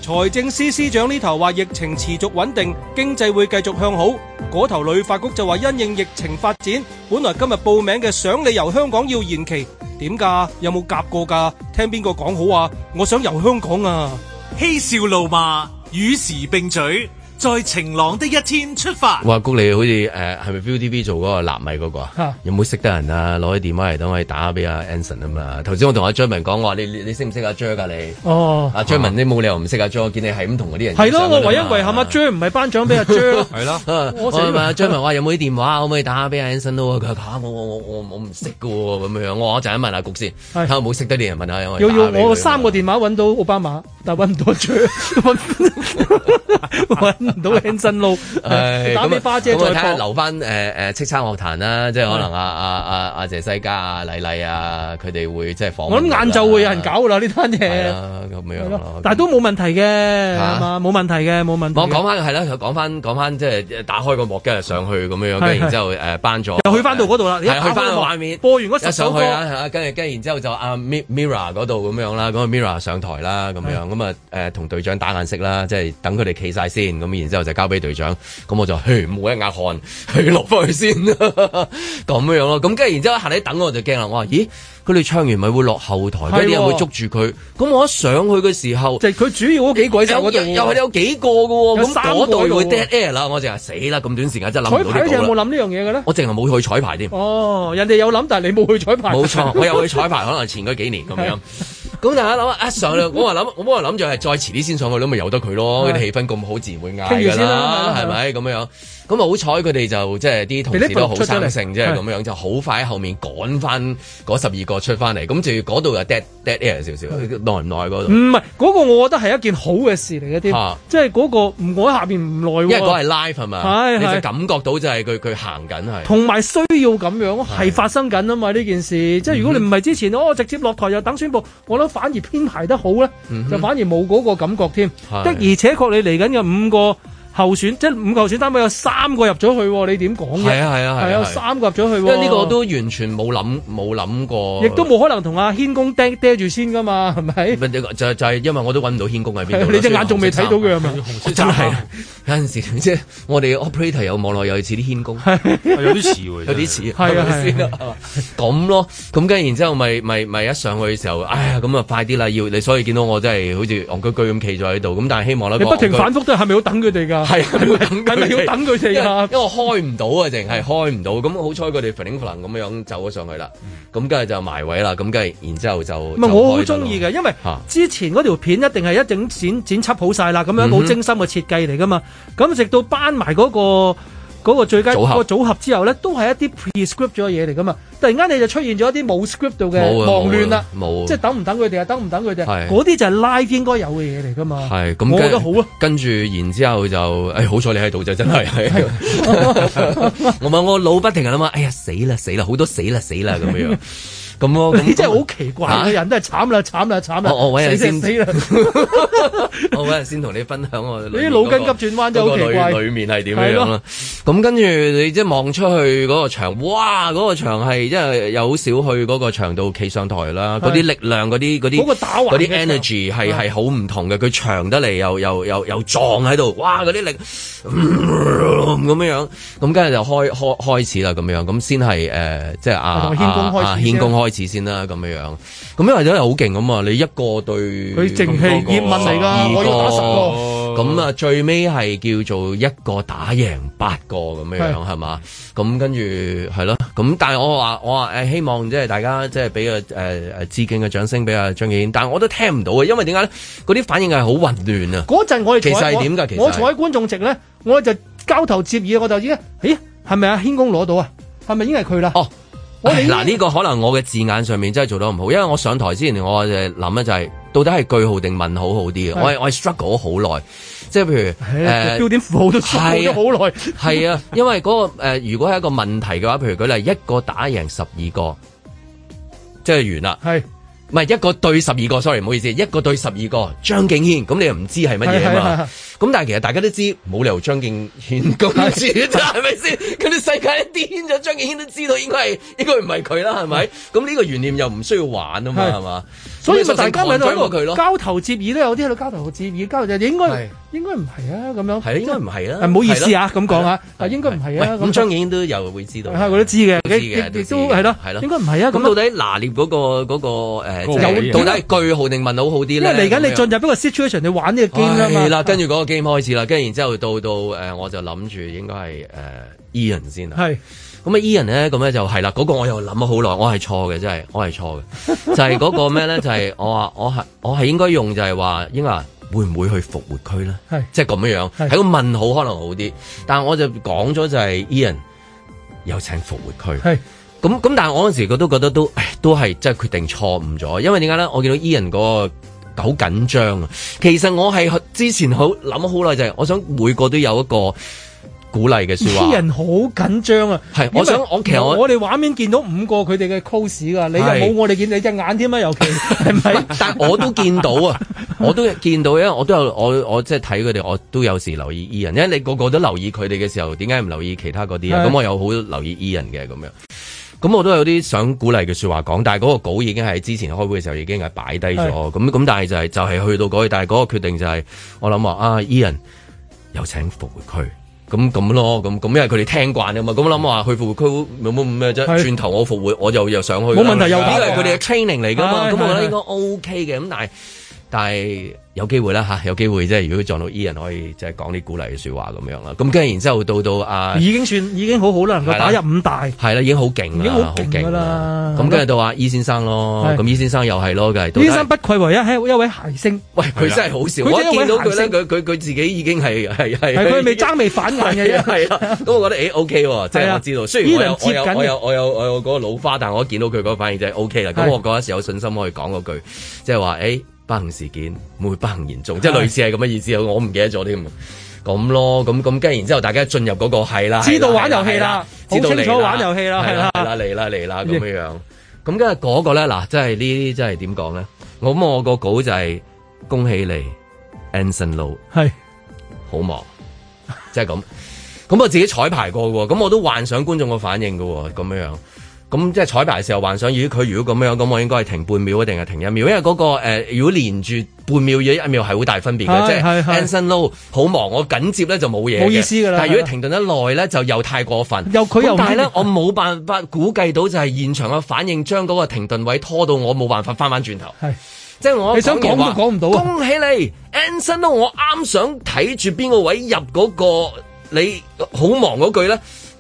財政司司長呢頭話疫情持續穩定，經濟會繼續向好。嗰頭旅發局就話因應疫情發展，本來今日報名嘅想你遊香港要延期。點噶？有冇夾過噶？聽邊個講好啊？我想遊香港啊！嬉笑怒罵，與時並舉。在晴朗的一天出發。話谷你好似誒係咪 ViuTV 做嗰個納米嗰個啊？有冇識得人啊？攞起電話嚟等我打俾阿 Anson 啊嘛。頭先我同阿張文講，我話你你你識唔識阿張噶你？哦，阿張文你冇理由唔識阿張，我見你係咁同嗰啲人係咯。我唯一遺憾阿張唔係頒獎俾阿張。係咯。我問阿張文話有冇啲電話可唔可以打俾阿 Anson 咯？佢我我我我我唔識噶喎，咁樣我一陣間問下谷先，睇下有冇識得啲人問下。有有我三個電話揾到奧巴馬，但揾唔到張。揾唔到靚新路，打俾花姐再睇下留翻誒誒叱咤樂壇啦，即係可能阿阿阿阿謝西嘉啊、麗麗啊，佢哋會即係訪，我諗晏晝會有人搞啦呢單嘢，咁樣但係都冇問題嘅，冇問題嘅冇問。我講翻係啦，講翻講翻即係打開個幕跟機上去咁樣樣，跟住然之後誒班咗又去翻到嗰度啦，係去翻畫面播完嗰十首歌，跟住跟住然之後就阿 Mira 嗰度咁樣啦，咁阿 Mira 上台啦咁樣，咁啊誒同隊長打眼色啦，即係等佢哋企晒先咁。然之後就交俾隊長，咁我就全部一眼汗，去落翻去先，咁樣咯。咁跟住，然之後行喺等我就驚啦。我話咦，佢哋唱完咪會落後台，跟住又會捉住佢。咁我一上去嘅時候，就佢主要都幾鬼多嘅，有我又係有幾個嘅。咁嗰度會 dead air 啦、啊。我淨係死啦，咁短時間真係諗唔到呢樣嘢。彩排有冇諗呢樣嘢嘅咧？我淨係冇去彩排添。哦，人哋有諗，但係你冇去彩排。冇錯、哦，我又去彩排，可能前嗰幾年咁樣。咁大家諗下一上去 我話諗，我本來諗住係再遲啲先上去咯，咪由得佢咯。啲氣氛咁好，自然會嗌噶啦，係咪咁樣？咁啊，好彩佢哋就即係啲同事都好生性，即係咁樣，就好快喺後面趕翻嗰十二個出翻嚟。咁就要嗰度又 dead dead air 少少，耐唔耐嗰度？唔係嗰個，我覺得係一件好嘅事嚟嘅添，即係嗰個唔我喺下邊唔耐，因為嗰係 live 係嘛，你就感覺到就係佢佢行緊係。同埋需要咁樣係發生緊啊嘛呢件事。即係如果你唔係之前，哦，直接落台又等宣佈，我覺得反而編排得好咧，就反而冇嗰個感覺添。的而且確你嚟緊有五個。候選即係五個候選單位有三個入咗去喎，你點講嘅？係啊係啊係啊，三個入咗去喎。因為呢個我都完全冇諗冇諗過，亦都冇可能同阿軒公掟住先噶嘛，係咪？就係就係因為我都揾唔到軒公喺邊度。你隻眼仲未睇到佢啊嘛？真係有陣時即係我哋 operator 有網絡有似啲軒公，有啲似有啲似係啊咁咯。咁跟住然之後咪咪咪一上去嘅時候，哎呀咁啊快啲啦！要你所以見到我真係好似戇居居咁企咗喺度。咁但係希望不停反覆都係咪好等佢哋噶？係，等緊 是 要等佢哋啊！因為開唔到啊，淨係 開唔到。咁好彩佢哋 fling fling 咁樣走咗上去啦。咁跟住就埋位啦。咁跟住，然之後就唔係是我好中意嘅，因為之前嗰條片一定係一整剪剪輯好晒啦，咁樣好精心嘅設計嚟噶嘛。咁、嗯、哼直到班埋嗰個。嗰個最佳組合個組合之後咧，都係一啲 prescript 咗嘅嘢嚟噶嘛。突然間你就出現咗一啲冇 script 到嘅忙亂啦，冇，即係等唔等佢哋啊？等唔等佢哋？嗰啲是就係 live 應該有嘅嘢嚟噶嘛。係咁，我覺得好咯。跟住然之後就，哎，好彩你喺度就真係。我問我腦不停啊嘛，哎呀死啦死啦，好多死啦死啦咁樣。 咁咯，你真係好奇怪人都慘啦，慘啦，慘啦，死成死啦！我揾人先同你分享我。你啲腦筋急轉彎真係好奇怪。裏面係點樣啦？咁跟住你即係望出去嗰個牆，哇！嗰個牆係即係有少去嗰個牆度企上台啦，嗰啲力量、嗰啲、嗰啲嗰個打啲 energy 係係好唔同嘅。佢長得嚟又又又又撞喺度，哇！嗰啲力咁樣樣，咁跟住就開開開始啦咁樣，咁先係誒，即係啊啊軒公開。開始先啦，咁樣樣，咁因為咧好勁咁啊！你一個對佢淨係葉問嚟噶，一個打十個，咁啊最尾係叫做一個打贏八個咁是樣樣係嘛？咁跟住係咯，咁但係我話我話誒，希望即係大家即係俾個誒誒致敬嘅掌聲俾阿張敬軒，但係我都聽唔到啊，因為點解咧？嗰啲反應係好混亂啊！嗰陣我其實係點噶？其實我坐喺觀眾席咧，我就交頭接耳，我就已經，咦係咪阿軒公攞到啊？係咪應係佢啦？是 嗱，呢、哎，這個可能我嘅字眼上面真係做得唔好，因為我上台之前我誒諗咧就係、是、到底係句號定問號好啲嘅？啊、我係我係 struggle 咗好耐，即係譬如誒、啊呃、標點符號都錯咗好耐，係啊，啊 因為嗰、那個誒、呃、如果係一個問題嘅話，譬如舉例一個打贏十二個，即係完啦，係。唔係一個對十二個，sorry，唔好意思，一個對十二個，張敬軒，咁你又唔知係乜嘢啊嘛？咁 但係其實大家都知冇理由張敬軒咁知嘅，係咪先？咁 佢哋樂 世界癲咗，張敬軒都知道應該係，應該唔係佢啦，係咪？咁呢 個懸念又唔需要玩啊嘛，係嘛？ 所以咪大家喺度交頭接耳都有啲喺度交頭接耳，交就應該應該唔係啊咁樣，應該唔係啊。唔好意思啊，咁講啊，應該唔係啊。咁張顯都又會知道，我都知嘅，都係咯，係咯，應該唔係啊。咁到底拿捏嗰個嗰個誒，到底句號定問號好啲咧？因為嚟緊你進入一個 situation，你玩呢個 game 啊嘛。係啦，跟住嗰個 game 開始啦，跟住然之後到到誒，我就諗住應該係誒 E 人先啦。係。咁啊，Ian 咧，咁咧就係、是、啦，嗰、那個我又諗咗好耐，我係錯嘅，真係，我係錯嘅，就係嗰個咩咧，就係我話我係我係應該用就係話，應該會唔會去復活區咧？係是，即係咁樣樣，係是個問號可能好啲。但係我就講咗就係 Ian 有請復活區，係是，咁咁，但係我嗰陣時都覺得都都係即係決定錯誤咗，因為點解咧？我見到 Ian 個好緊張啊，其實我係之前好諗咗好耐，就係、是、我想每個都有一個。鼓勵嘅說話，E 人好緊張啊！係，我想我其實我哋畫面見到五個佢哋嘅 close 噶，是你又冇我哋見你隻眼添啊！尤其係咪？ 但我都見到啊， 我都見到，因為我都有我我即係睇佢哋，我都有時留意 E 人，因為你個個都留意佢哋嘅時候，點解唔留意其他嗰啲啊？咁是我有好留意 E 人嘅咁樣，咁我都有啲想鼓勵嘅説話講，但係嗰個稿已經係之前開會嘅時候已經係擺低咗，咁咁是，但係就係、是、就係、是、去到嗰，但係嗰個決定就係、是、我諗話啊，E 人有請復回區。咁咁咯，咁咁因為佢哋聽慣啊嘛，咁我諗話去復活區冇乜咁咩啫，是轉頭我復活我又又上去，冇問題，這樣 又呢個係佢哋嘅 training 嚟噶嘛，咁、啊、我覺得應該 OK 嘅，咁、啊、但係、啊、但係。但有機會啦嚇，有機會，即係如果佢撞到 E 人，可以即係講啲鼓勵嘅説話咁樣啦。咁跟住然之後到到啊，已經算已經好好啦，能夠打入五大，係啦，已經好勁啦，已經好勁啦。咁跟住到阿伊先生咯，咁伊先生又係咯，梗係。伊先生不愧為一係一位鞋星，喂，佢真係好笑。我見到佢咧，佢佢自己已經係係係。佢未爭未反還嘅啫。咁我覺得誒 OK 即係我知道。雖然我有我有我有我有我有嗰個老花，但我見到佢嗰反應就係 OK 啦。咁我嗰時有信心可以講嗰句，即係話誒。不幸事件會不幸嚴重，即係類似係咁嘅意思。的我唔記得咗添，咁咯，咁咁跟住，然之後大家進入嗰，那個係啦，知道玩遊戲啦，好清楚玩遊戲啦，係啦，嚟啦嚟啦，咁樣的樣。咁跟住嗰個咧，嗱，即係呢啲，真係點講咧？我咁我個稿就係、是、恭喜你 Anson Lo 係好忙，即係咁。咁我自己彩排過嘅，咁我都幻想觀眾嘅反應嘅，咁樣樣。咁即係彩排嘅時候幻想，如果佢如果咁樣，咁我應該係停半秒啊，定係停一秒？因為嗰、那個誒、呃，如果連住半秒與一秒係好大分別嘅，是是是即係 Anson Lo 好忙，我緊接咧就冇嘢，冇意思噶啦。但係如果停頓得耐咧，就又太過分。又佢又但係咧，我冇辦法估計到就係現場嘅反應，將嗰個停頓位拖到我冇辦法翻翻轉頭。係是是，即係我你想講都講唔到。恭喜你 Anson Lo 我啱想睇住邊個位入嗰個你好忙嗰句咧。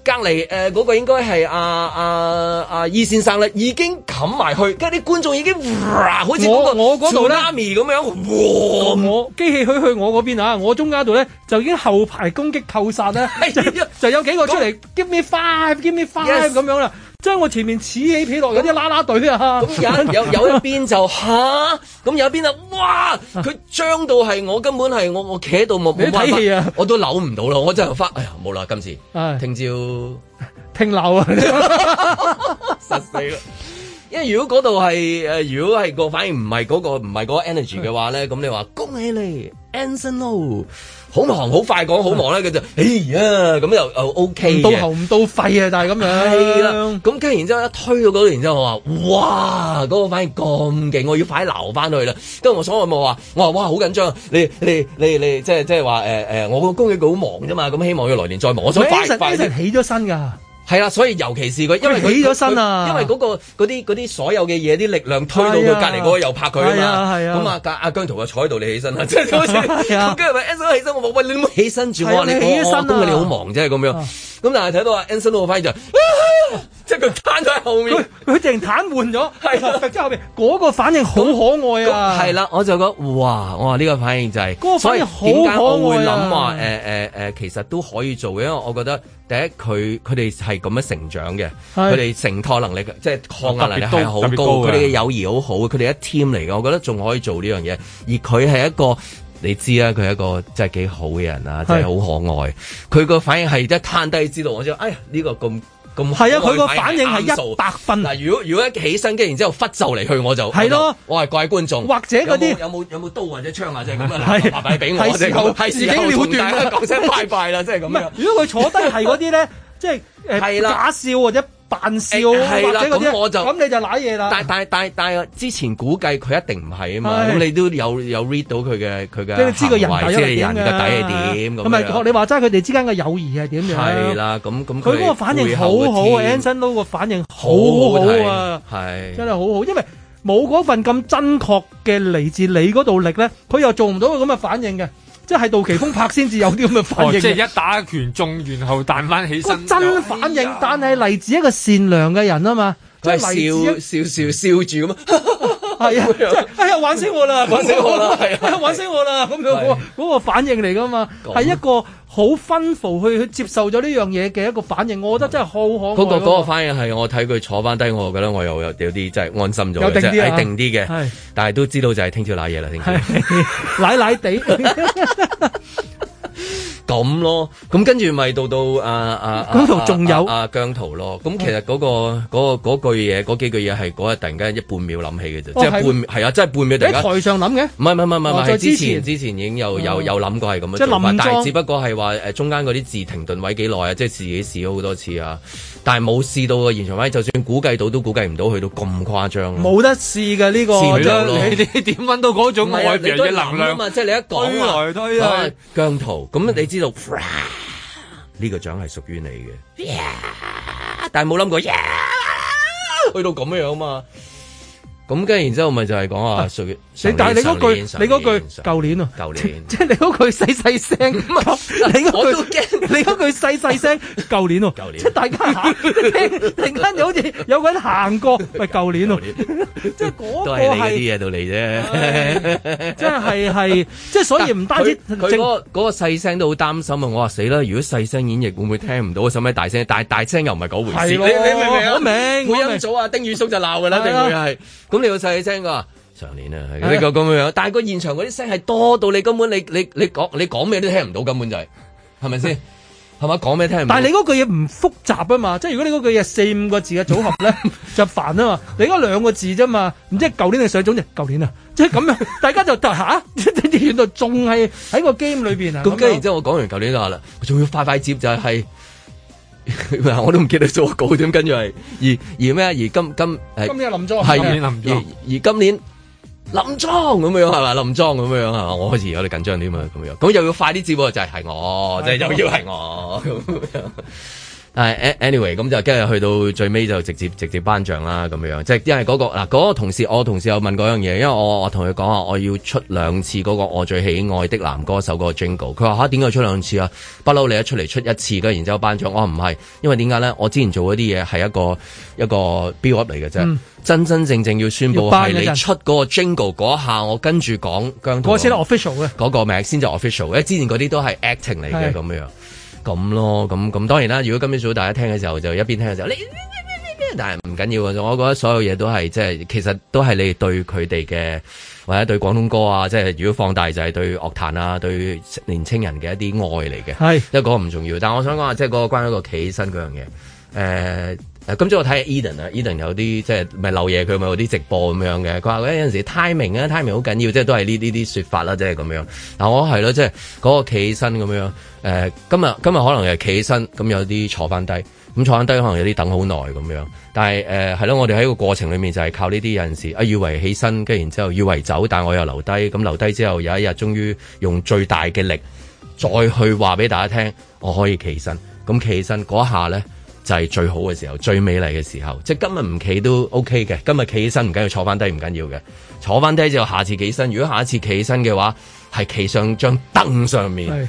隔籬誒嗰個應該係阿阿阿二先生啦，已經冚埋去，跟住啲觀眾已經，呃、好似嗰、嗰個小媽咪咁樣，我，噢我機器去去我嗰邊啊！我中間度咧就已經後排攻擊扣殺啦， 就有幾個出嚟 ，give me five，give me five 咁 Yes. 樣啦、啊。即我前面似起起落落有啲啦啦隊啊，咁有有有一邊就吓，咁有一邊啊，哇！佢張到係我根本係我我企喺度冇冇，戲啊、我都扭唔到啦，我真係發，哎呀，冇啦今次，聽朝聽扭啊，你 實死啦！因為如果嗰度係誒，如果係，嗰個反而唔係嗰個唔係嗰個 energy 嘅話咧，咁你話恭喜你，a n s Anson Lo 咯。好忙，好快講好忙咧，佢就哎呀咁又又 OK，到喉唔到肺啊，但係咁樣。啦，啊，咁跟住然之後一推到嗰度，然之後我話哇，嗰，嗰個反應咁勁，我要快啲留翻去啦。跟住我所我咪話，我話哇好緊張，你你你你即係即係話誒誒，我個工舉好忙啫嘛，咁，嗯、希望佢來年再忙，我想快 son, 快啲。起咗身噶。係啦，所以尤其是佢，因為佢起咗身啊，因為嗰個嗰啲啲所有嘅嘢啲力量推到佢隔離嗰個又拍佢啊嘛，咁啊阿姜濤又坐喺度你起身啦，即係好似咁今日咪起身我冇乜，你冇起身住我，你我我今日你好忙，真係咁樣。咁但係睇到啊 Anson Lo 嘅反應就、啊，哎、即係佢攤咗喺後面，佢佢淨攤換咗，係啦，即係後面嗰個反應好可愛啊！係啦，我就覺得嘩哇，我話呢個反應就係、是，個反應啊、所以點解我會諗話誒誒誒，其實都可以做嘅，因為我覺得第一佢佢哋係咁樣成長嘅，佢哋是的 承托能力即係抗壓能力都好高，佢哋嘅友誼好好，佢哋一 team 嚟嘅，我覺得仲可以做呢樣嘢，而佢係一個。你知啦，佢係一個真係幾好嘅人啊，真係好可愛。佢個反應係一攤低知道，我就哎呀呢個咁咁。係啊，佢個反應係一百分。嗱，如果如果一起身，跟住然之後忽就嚟去，我就係咯，我係各位觀眾。或者嗰啲有冇有冇刀或者槍啊？即係咁啊，拿把刀俾我即係。係自己了斷！講聲拜拜啦，即係咁。如果佢坐低係啲咧，即係假笑或者。扮笑，或者嗰啲咁你就揦嘢啦。但但但但之前估計佢一定唔係啊嘛，咁你都有有 read 到佢嘅佢嘅，即係知個人底係點，咁唔係學你話齋，佢哋之間嘅友誼係點樣？係啦，咁咁佢會嗰個反應好好，Anson 嗰個反應好好啊，係真係好好，因為冇嗰份咁真確嘅嚟自你嗰度力咧，佢又做唔到佢咁嘅反應嘅。即係杜琪峯拍先至有啲咁嘅反應，即係一打拳中完後彈翻起身，真反應。但係嚟自一個善良嘅人啊嘛，即係笑笑笑笑住咁 啊，係啊，即係哎呀玩死我啦，玩死我啦，係啊，玩死我啦咁樣，嗰個嗰個反應嚟㗎嘛，係一個。好吩咐去去接受咗呢樣嘢嘅一個反應，我覺得真係好好。嗰個、嗯、嗰個反應係我睇佢坐翻低，我覺得我又有有啲真係安心咗，有定啲、啊、定啲嘅，是但係都知道就係聽朝攋嘢啦，聽朝奶奶地。 咁咯，咁跟住咪到到啊啊有啊，啊姜濤咯，咁其實嗰、那個嗰、啊那個、句嘢，嗰幾句嘢係嗰日突然間一半秒諗起嘅啫，哦、即係半係嗎啊，即係半秒突然間喺台上諗嘅，唔係唔係唔係唔係，之前之前，之前已經有、嗯、有有諗過係咁樣做，但係只不過係話誒中間嗰啲字停頓位幾耐啊，即係自己試咗好多次啊。但係冇試到個現場位，就算估計到都估計唔到去到咁誇張。冇得試嘅呢個，係咯？你你點揾到嗰種外邊嘅能量啊？即係你一講啊，姜濤，咁你知道呢個獎係屬於你嘅。但係冇諗過，去到咁樣啊嘛。咁跟住然之後，咪就係講啊，上年，但係你嗰句，你嗰句舊年啊，舊年，即係你嗰句細細聲，你嗰句都驚，你嗰句細細聲，舊年喎，即係大家行。突然間又好似有個人行過，喂，舊年喎，即係嗰個係啲嘢到嚟啫，即係係，即係所以唔單止佢嗰個細聲都好擔心啊！我話死啦，如果細聲演繹會唔會聽唔到，使唔使大聲？但係大聲又唔係嗰回事，你你明唔明啊？我明，每一早啊，丁宇叔就鬧㗎啦，一定會咁你要細聲噶，上年啊，係呢個咁嘅樣，的但係個現場嗰啲聲係多到你根本你你你講你講咩都聽唔到，根本就係，係咪先？係咪？講咩聽唔到？但係你嗰句嘢，唔複雜啊嘛，即係如果你嗰句嘢四五個字嘅組合咧 就煩啊嘛，你而家兩個字啫嘛，唔知舊年定上一鐘啫？舊年啊，即係咁樣， 大家就吓，原來仲係喺個 game 裏邊啊。咁跟住之後我講完舊年啦，啦，我仲要快快接就係、是。 我都唔記得做個稿點，跟住係而而咩啊？而今今今年林莊係，是而而今年林莊咁樣係咪？林莊咁樣係咪？ 我開始有啲緊張啲嘛？咁樣咁又要快啲接，就係、是、係我，即係 又要係我咁樣。 Anyway 咁就今日去到最尾就直接直接頒獎啦咁樣，即係因為嗰個嗱嗰個同事，我同事有問嗰樣嘢，因為我我同佢講啊，我要出兩次嗰個我最喜愛的男歌手嗰個 jingle，佢話，嚇點解要出兩次啊？不嬲你一出嚟出一次嘅，然之後頒獎我唔係，因為點解咧？我之前做嗰啲嘢係一個一個 build up 嚟嘅啫，嗯、真真正正要宣佈係要班 你出嗰個 jingle 嗰下，我跟住講姜、濤。過先啦，official 嘅嗰個名先就 official，因為之前嗰啲都係 acting 嚟嘅咁樣。咁咯，咁咁當然啦。如果今朝早大家聽嘅時候，就一邊聽嘅時候，你，但係唔緊要嘅，我覺得所有嘢都係即係，其實都係你對佢哋嘅，或者對廣東歌啊，即係如果放大就係對樂壇啊，對年青人嘅一啲愛嚟嘅。係一是個唔重要。但係我想講啊，即係個關一個企起身嗰樣嘢，誒、呃。嗱，今朝我睇 Eden 啊，Eden 有啲即係咪漏嘢？佢、就、咪、是、有啲直播咁樣嘅。佢話咧有陣時 timing 啊，timing 好緊要，即係都係呢呢啲説法啦，即係咁樣。嗱，我係咯，即係嗰個企起身咁樣。誒、呃，今日今日可能又企起身，咁有啲坐翻低，咁、嗯、坐翻低可能有啲等好耐咁樣。但係誒係咯，我哋喺個過程裡面就係靠呢啲有陣時、啊，以為起身，跟然之後以為走，但我又留低。咁留低之後有一日終於用最大嘅力再去話俾大家聽，我可以企身。咁企起身嗰下咧，就係最好嘅時候，最美麗嘅時候。即係今日唔企都 OK 嘅，今日企起身唔緊要，坐翻低唔緊要嘅。坐翻低之後下次企起身。如果下一次企起身嘅話，係企上張凳上面。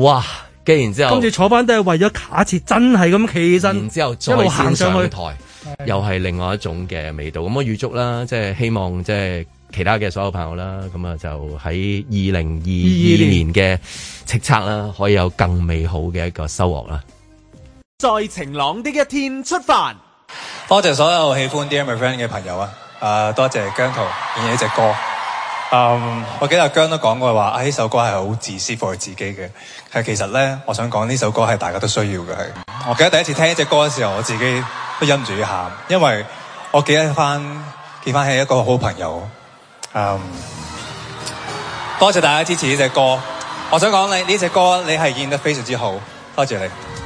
哇是！跟然之後，跟住坐翻低係為咗下一次真係咁企起身。然、嗯、之後再行上，上去台，又係另外一種嘅味道。咁是我預祝啦，即係希望即係其他嘅所有朋友啦，咁啊就喺二零二二年嘅叱咤啦，年可以有更美好嘅一個收穫啦。在晴朗的一天出發，多謝所有喜歡 D M Friend 嘅朋友啊！啊、呃，多謝姜濤演繹呢隻歌。嗯，我記得阿姜都講過話，啊，呢首歌係好自私放 o 自己嘅。係其實咧，我想講呢首歌係大家都需要嘅。係我記得第一次聽呢隻歌嘅時候，我自己都忍唔住要喊，因為我記得翻，記翻起一個好朋友。嗯，多謝大家支持呢隻歌。我想講你呢隻歌，你係演得非常之好，多謝你。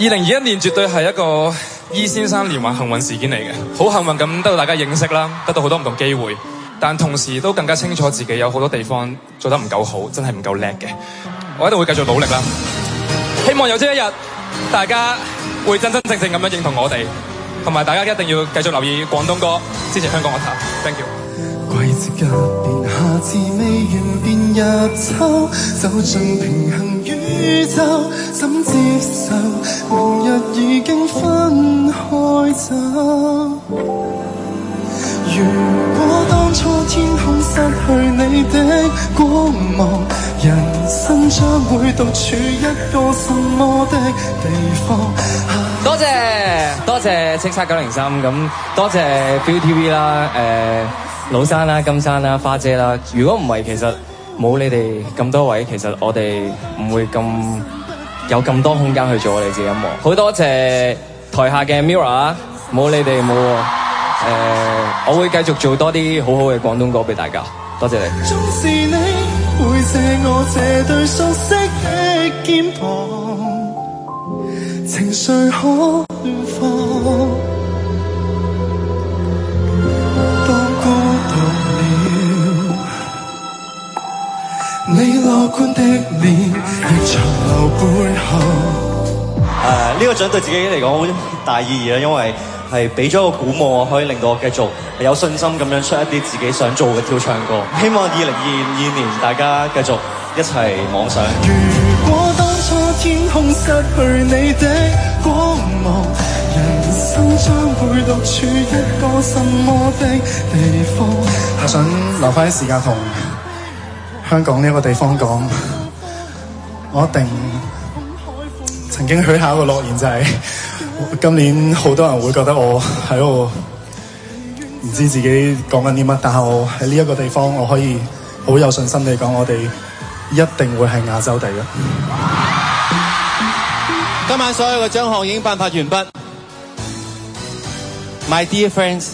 二零二一年絕對係一個伊先生連環幸運事件嚟嘅，好幸運咁得到大家認識啦，得到好多唔同機會，但同時都更加清楚自己有好多地方做得唔夠好，真係唔夠叻嘅，我一定會繼續努力啦。希望有朝一日大家會真真正正咁樣認同我哋，同埋大家一定要繼續留意廣東歌支持香港樂壇。Thank you。即刻變夏至未完便入秋，走進平行宇宙，怎接受明日已經分開走？如果當初天空失去你的光芒，人生將會獨處一個什麼的地方？多謝多謝叱咤九零三，咁多謝 ViuTV 啦、呃，誒。老山啦、金山啦、花姐啦，如果唔係，其實冇你哋咁多位，其實我哋唔會咁有咁多空間去做我哋自己音樂。好多謝台下嘅 Mirror，冇你哋冇我，誒，我會繼續做多啲好好嘅廣東歌俾大家。多謝你。你的背誒，呢、啊，這個獎對自己嚟講好大意義啦，因為係俾咗個鼓舞，可以令到我繼續有信心咁樣出一啲自己想做嘅跳唱歌。希望二零二二年大家繼續一齊妄想。如果當初天空失去你的光芒，人生將會獨處一個什麼的地方？嗯、我想留翻啲時間同。香港呢一個地方講，我一定曾經許下一個諾言，就是，就係今年好多人會覺得我喺我唔知自己講緊啲乜，但係我喺呢一個地方，我可以好有信心地講，我哋一定會係亞洲第一。今晚所有嘅獎項已經頒發完畢，My dear friends，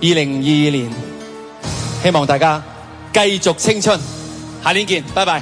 二零二二年，希望大家繼續青春。下年見，拜拜。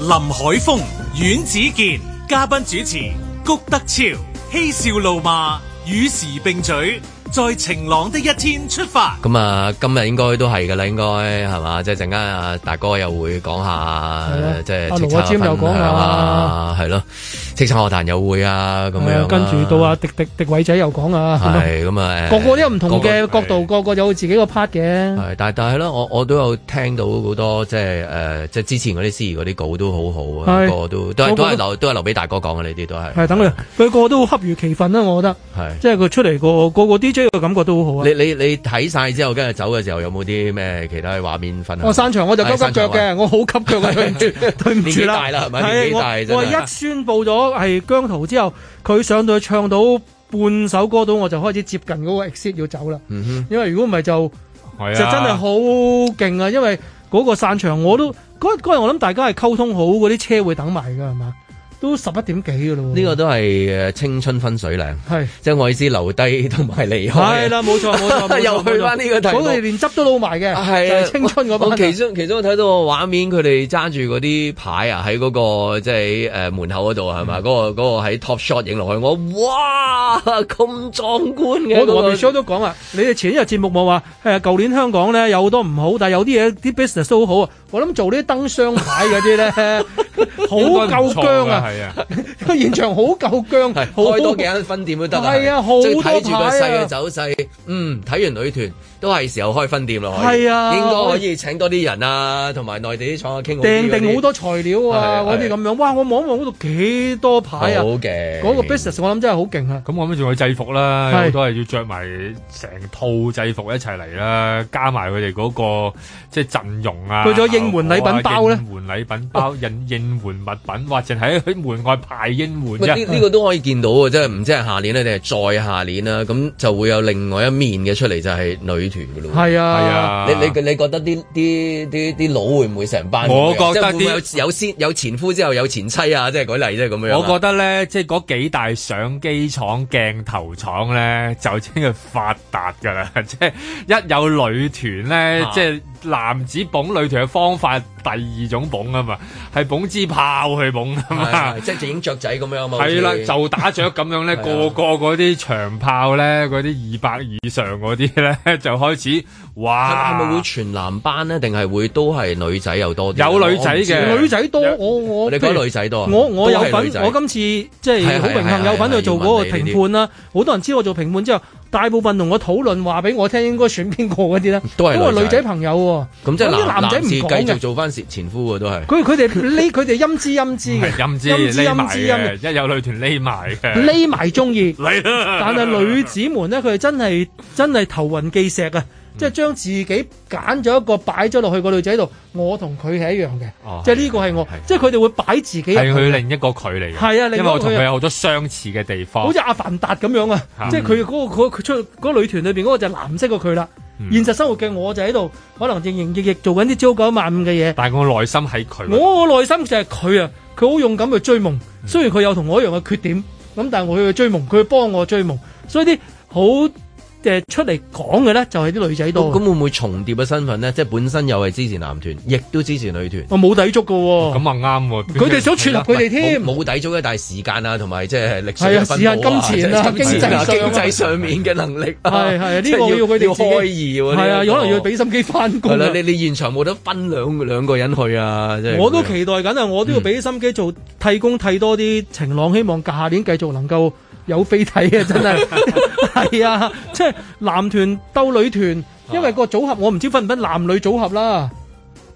林海峰、阮子健嘉賓主持，谷德昭嬉笑怒罵，與時並舉。在晴朗的一天出發。咁啊，今日應該都係㗎啦，應該係嘛？即係陣間啊，大哥又會講下的即係政策分享啊，係咯。啊叱咤樂壇有會啊，咁樣跟住到阿迪迪迪偉仔又講啊，係咁啊，個個都有唔同嘅角度，個個有自己個 part 嘅。係，但但係咧，我我都有聽到好多即係誒，即係之前嗰啲司儀嗰啲稿都好好啊。個個都都係都係留都係留俾大哥講嘅呢啲都係。係等佢佢個個都恰如其分啦，我覺得係即係佢出嚟個個 DJ 嘅感覺都好啊。你你你睇晒之後，跟住走嘅時候有冇啲咩其他畫面分啊？我散場我就急急腳嘅，我好急腳嘅，對唔住，對唔住啦，係幾大我一宣布咗。係姜濤之後，佢上到去唱到半首歌到，我就開始接近個 exit 要走啦。嗯哼，因為如果唔係就係啊，就真係好勁啊！因為個散場我都嗰日我諗大家係溝通好，啲車會等埋噶係嘛。都十一點幾嘅咯，呢個都係誒青春分水嶺，係即係我意思留低同埋離開。係啦，冇錯冇錯，錯錯 又去翻呢個題。嗰對面執都攞埋嘅，係的青春嗰班。其中其中我睇到個畫面，佢哋揸住嗰啲牌啊，喺嗰、那個即係誒門口嗰度係嘛？嗰、 那個喺、那個、Top Shot 影落去，我哇咁壯觀嘅！我哋 m i 都講話， 你哋前日節目我話誒，舊年香港咧有好多唔好，但係有啲嘢啲 business 都好啊。我諗做呢啲燈箱牌嗰啲咧， 好夠僵啊！ 係啊，佢 現場好夠僵，是開多幾間分店都得啊，是好啊，即係睇住個細嘅走勢，嗯，睇完女團。都係時候開分店咯，可以啊、應該可以請多啲人啊，同埋內地啲廠啊傾。訂定好多材料啊，嗰啲咁樣，哇！我望一望嗰度幾多排啊，嗰的個 business 我諗真係好勁啊。咁我諗住要去制服啦，啊、都係要着埋成套制服一齊嚟啦，加埋佢哋嗰個即係陣容啊。去咗應援禮品包咧、啊，應援禮品包應應援物品，或者喺喺門外派應援。呢呢 個都可以見到啊，即係唔知係下年咧，定係再下年啦，咁就會有另外一面嘅出嚟，就係、是、女。係是啊，係啊，你你你覺得啲啲啲啲佬會唔會成班？我覺得啲有先這有前夫之後有前妻啊，即係舉例即係咁樣。我覺得咧，即係嗰幾大相機廠鏡頭廠咧，就真係發達㗎喇，即、就、係、是、一有女團咧，啊、即係。男子捧女團嘅方法，第二種捧啊嘛，係捧支炮去捧啊嘛，即係影雀仔咁樣嘛。係啦，就打雀咁樣咧，個個嗰啲長炮咧，嗰啲二百以上嗰啲咧，就開始哇！會唔會全男班呢？定係會都係女仔又多啲？有女仔嘅，女仔多，我我你女仔多，我 我，我有份，我今次即係好榮幸有份去做嗰個評判啦。好多人知我做評判之後。大部分同我討論話俾我聽，應該選邊個嗰啲咧？都係女仔朋友喎，嗰啲男仔唔講嘅。繼續做翻前夫喎，都係。佢佢哋呢？佢哋陰知陰知嘅，陰知陰知陰知，一有女團匿埋匿埋中意。但係女子們咧，佢哋真係真係頭暈記石啊！即係將自己揀咗一個擺咗落去個女仔度，我同佢係一樣嘅，哦、即係呢個係我，是是是即係佢哋會擺自己係佢另一個佢嚟嘅，啊、因為我同佢有好多相似嘅地方。好似阿凡達咁樣啊，嗯、即係佢嗰個佢出嗰女團裏邊嗰個就藍色個佢啦，嗯、現實生活嘅我就喺度，可能營營役役做緊啲朝九晚五嘅嘢，但係我內心係佢。我個內心就係佢啊，佢好勇敢去追夢，雖然佢有同我一樣嘅缺點，咁但係我要去追夢，佢幫我追夢，所以啲好。出嚟講嘅咧，就係啲女仔度。咁會唔會重疊嘅身份呢？即係本身又係支持男團，亦都支持女團。我冇抵觸嘅喎。咁啊啱喎。佢哋想撮合佢哋添。冇抵觸嘅，但係時間啊，同埋即係歷史啊，時間、金錢啊、經濟經濟上面嘅能力。係係，呢個要佢哋自己。係啊，可能要俾心機翻工。係啦，你你現場冇得分兩兩個人去啊！我都期待緊啊！我都要俾心機做替工替多啲晴朗，希望下年繼續能夠。有飛睇嘅真係，係啊，即係男團鬥女團，因為個組合我唔知分唔分男女組合啦，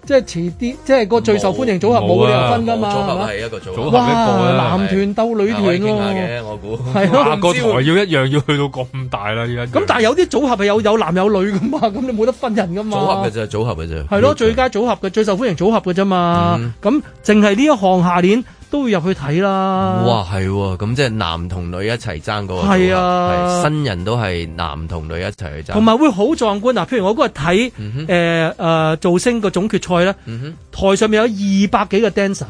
即係遲啲，即係個最受歡迎組合冇理由分噶嘛，組合係一個組合，哇，男團鬥女團咯，傾下嘅我估，係咯，下個台要一樣要去到咁大啦，而家咁但係有啲組合係有有男有女噶嘛，咁你冇得分人噶嘛，組合嘅啫，組合嘅啫，係咯，最佳組合嘅最受歡迎組合嘅啫嘛，咁淨係呢一項下年。都會入去睇啦。哇，係喎、啊，咁即係男同女一齊爭嗰個。係啊，新人都係男同女一齊去爭。同埋會好壯觀。嗱，譬如，我嗰日睇，誒誒、嗯哼呃呃，造星個總決賽咧，嗯、哼台上面有二百幾個 dancer，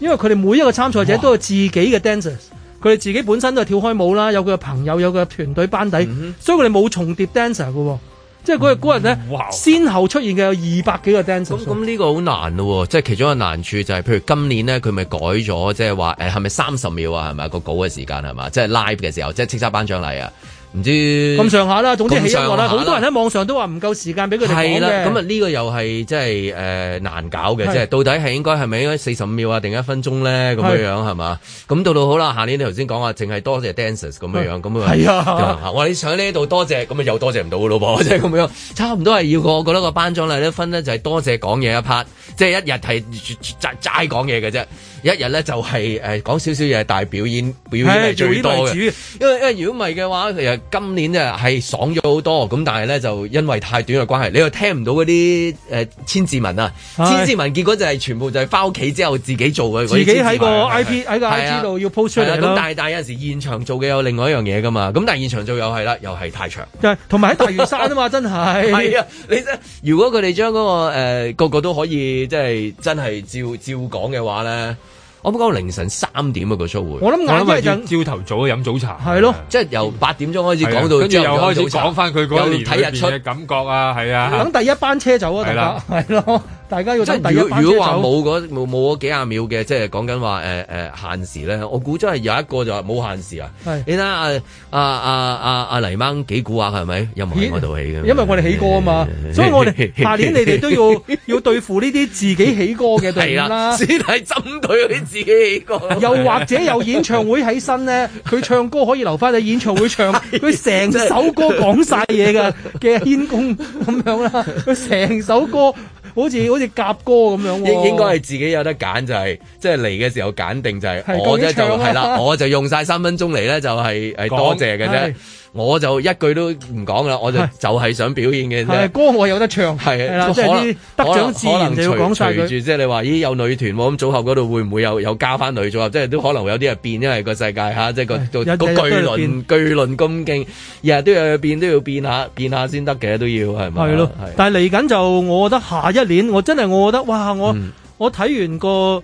因為佢哋每一個參賽者都有自己嘅 dancers，佢哋自己本身都係跳開舞啦，有佢嘅朋友，有佢嘅團隊班底，嗯、哼所以佢哋冇重疊 dancer 㗎。即係嗰日人日咧，哇先後出現嘅有二百幾個 dance 那。咁咁呢個好難咯、啊，即係其中一個難處就係、是，譬如今年咧，佢咪改咗，即係話誒係咪三十秒啊？係咪、個稿嘅時間係嘛？即係 live 嘅時候，即係叱咤頒獎禮啊！唔知咁上下啦，總之起音樂啦。好多，多人喺網上都話唔夠時間俾佢哋講嘅。係啦，咁啊呢個又係即係誒難搞嘅，即係是的 到底係應該係咪應該四十五秒啊定一分鐘咧？咁樣樣係嘛？咁到到好啦，下年你頭先講啊，淨係多謝 dancers 咁樣樣，咁啊係啊。我哋上呢度多謝，咁又多謝唔到嘅咯，即係咁樣。差唔多係要過，我覺得個頒獎禮咧分呢，就係、是、多謝講嘢一 part，即係一日係齋齋講嘢嘅啫。一日咧就係誒講少少嘢，但係表演表演係最多嘅。因為因為如果唔係嘅話，今年啊，係爽咗好多，咁但係咧就因為太短嘅關係，你又聽唔到嗰啲誒千字文啊，係啊，千字文結果就係全部就係翻屋企之後自己做嘅。自己喺個 I P 喺個 I P 度要 post 出嚟咯。但係但有陣時現場做嘅有另外一樣嘢噶嘛，咁但係現場做又係啦，又係太長。同埋喺大嶼山啊嘛，真係。係啊，你真如果佢哋將嗰個誒、呃、個個都可以即係真係照照講嘅話咧。我冇講凌晨三點啊、嗰個 show 會，我諗硬一飲朝頭早飲早茶，係咯，即係由八點鐘開始講到，跟住又開始講翻佢嗰日出嘅感覺啊，係啊，等第一班車走啊，大佬，係咯。 大家要真係如果如果話冇嗰冇冇嗰幾廿秒嘅，即係講緊話誒誒限時咧，我估真係有一個就話冇限時啊！是你睇下阿阿阿阿阿黎掹幾古惑係咪？因為喺度起嘅，因為我哋起歌吖嘛， 所以我哋下年你哋都要要對付呢啲自己起歌嘅隊伍啦。只係針對啲自己起歌，又或者有演唱會起身咧，佢唱歌可以留翻喺演唱會唱，佢成 的首歌講晒嘢嘅嘅貢咁樣啦，佢成首歌。好似好似夾歌咁樣喎，啊，應應該係自己有得揀，就是，就係即係嚟嘅時候揀定就係，是，是我即係就係啦，啊，我就用晒三分鐘嚟咧，就是，說就係係多謝嘅啫。我就一句都唔講啦，我就就係想表現嘅。係歌我有得唱。係啦，即係得咗自然就要講晒。即係你話咦，有女團咁組合嗰度會唔會有又加翻女組合？即係都可能會有啲人變，因為個世界吓，即係個個巨輪巨輪咁勁，日日都要變都要變下變下先得嘅都要係咪？係咯，但係嚟緊就我覺得下一年我真係我覺得哇我。我睇完個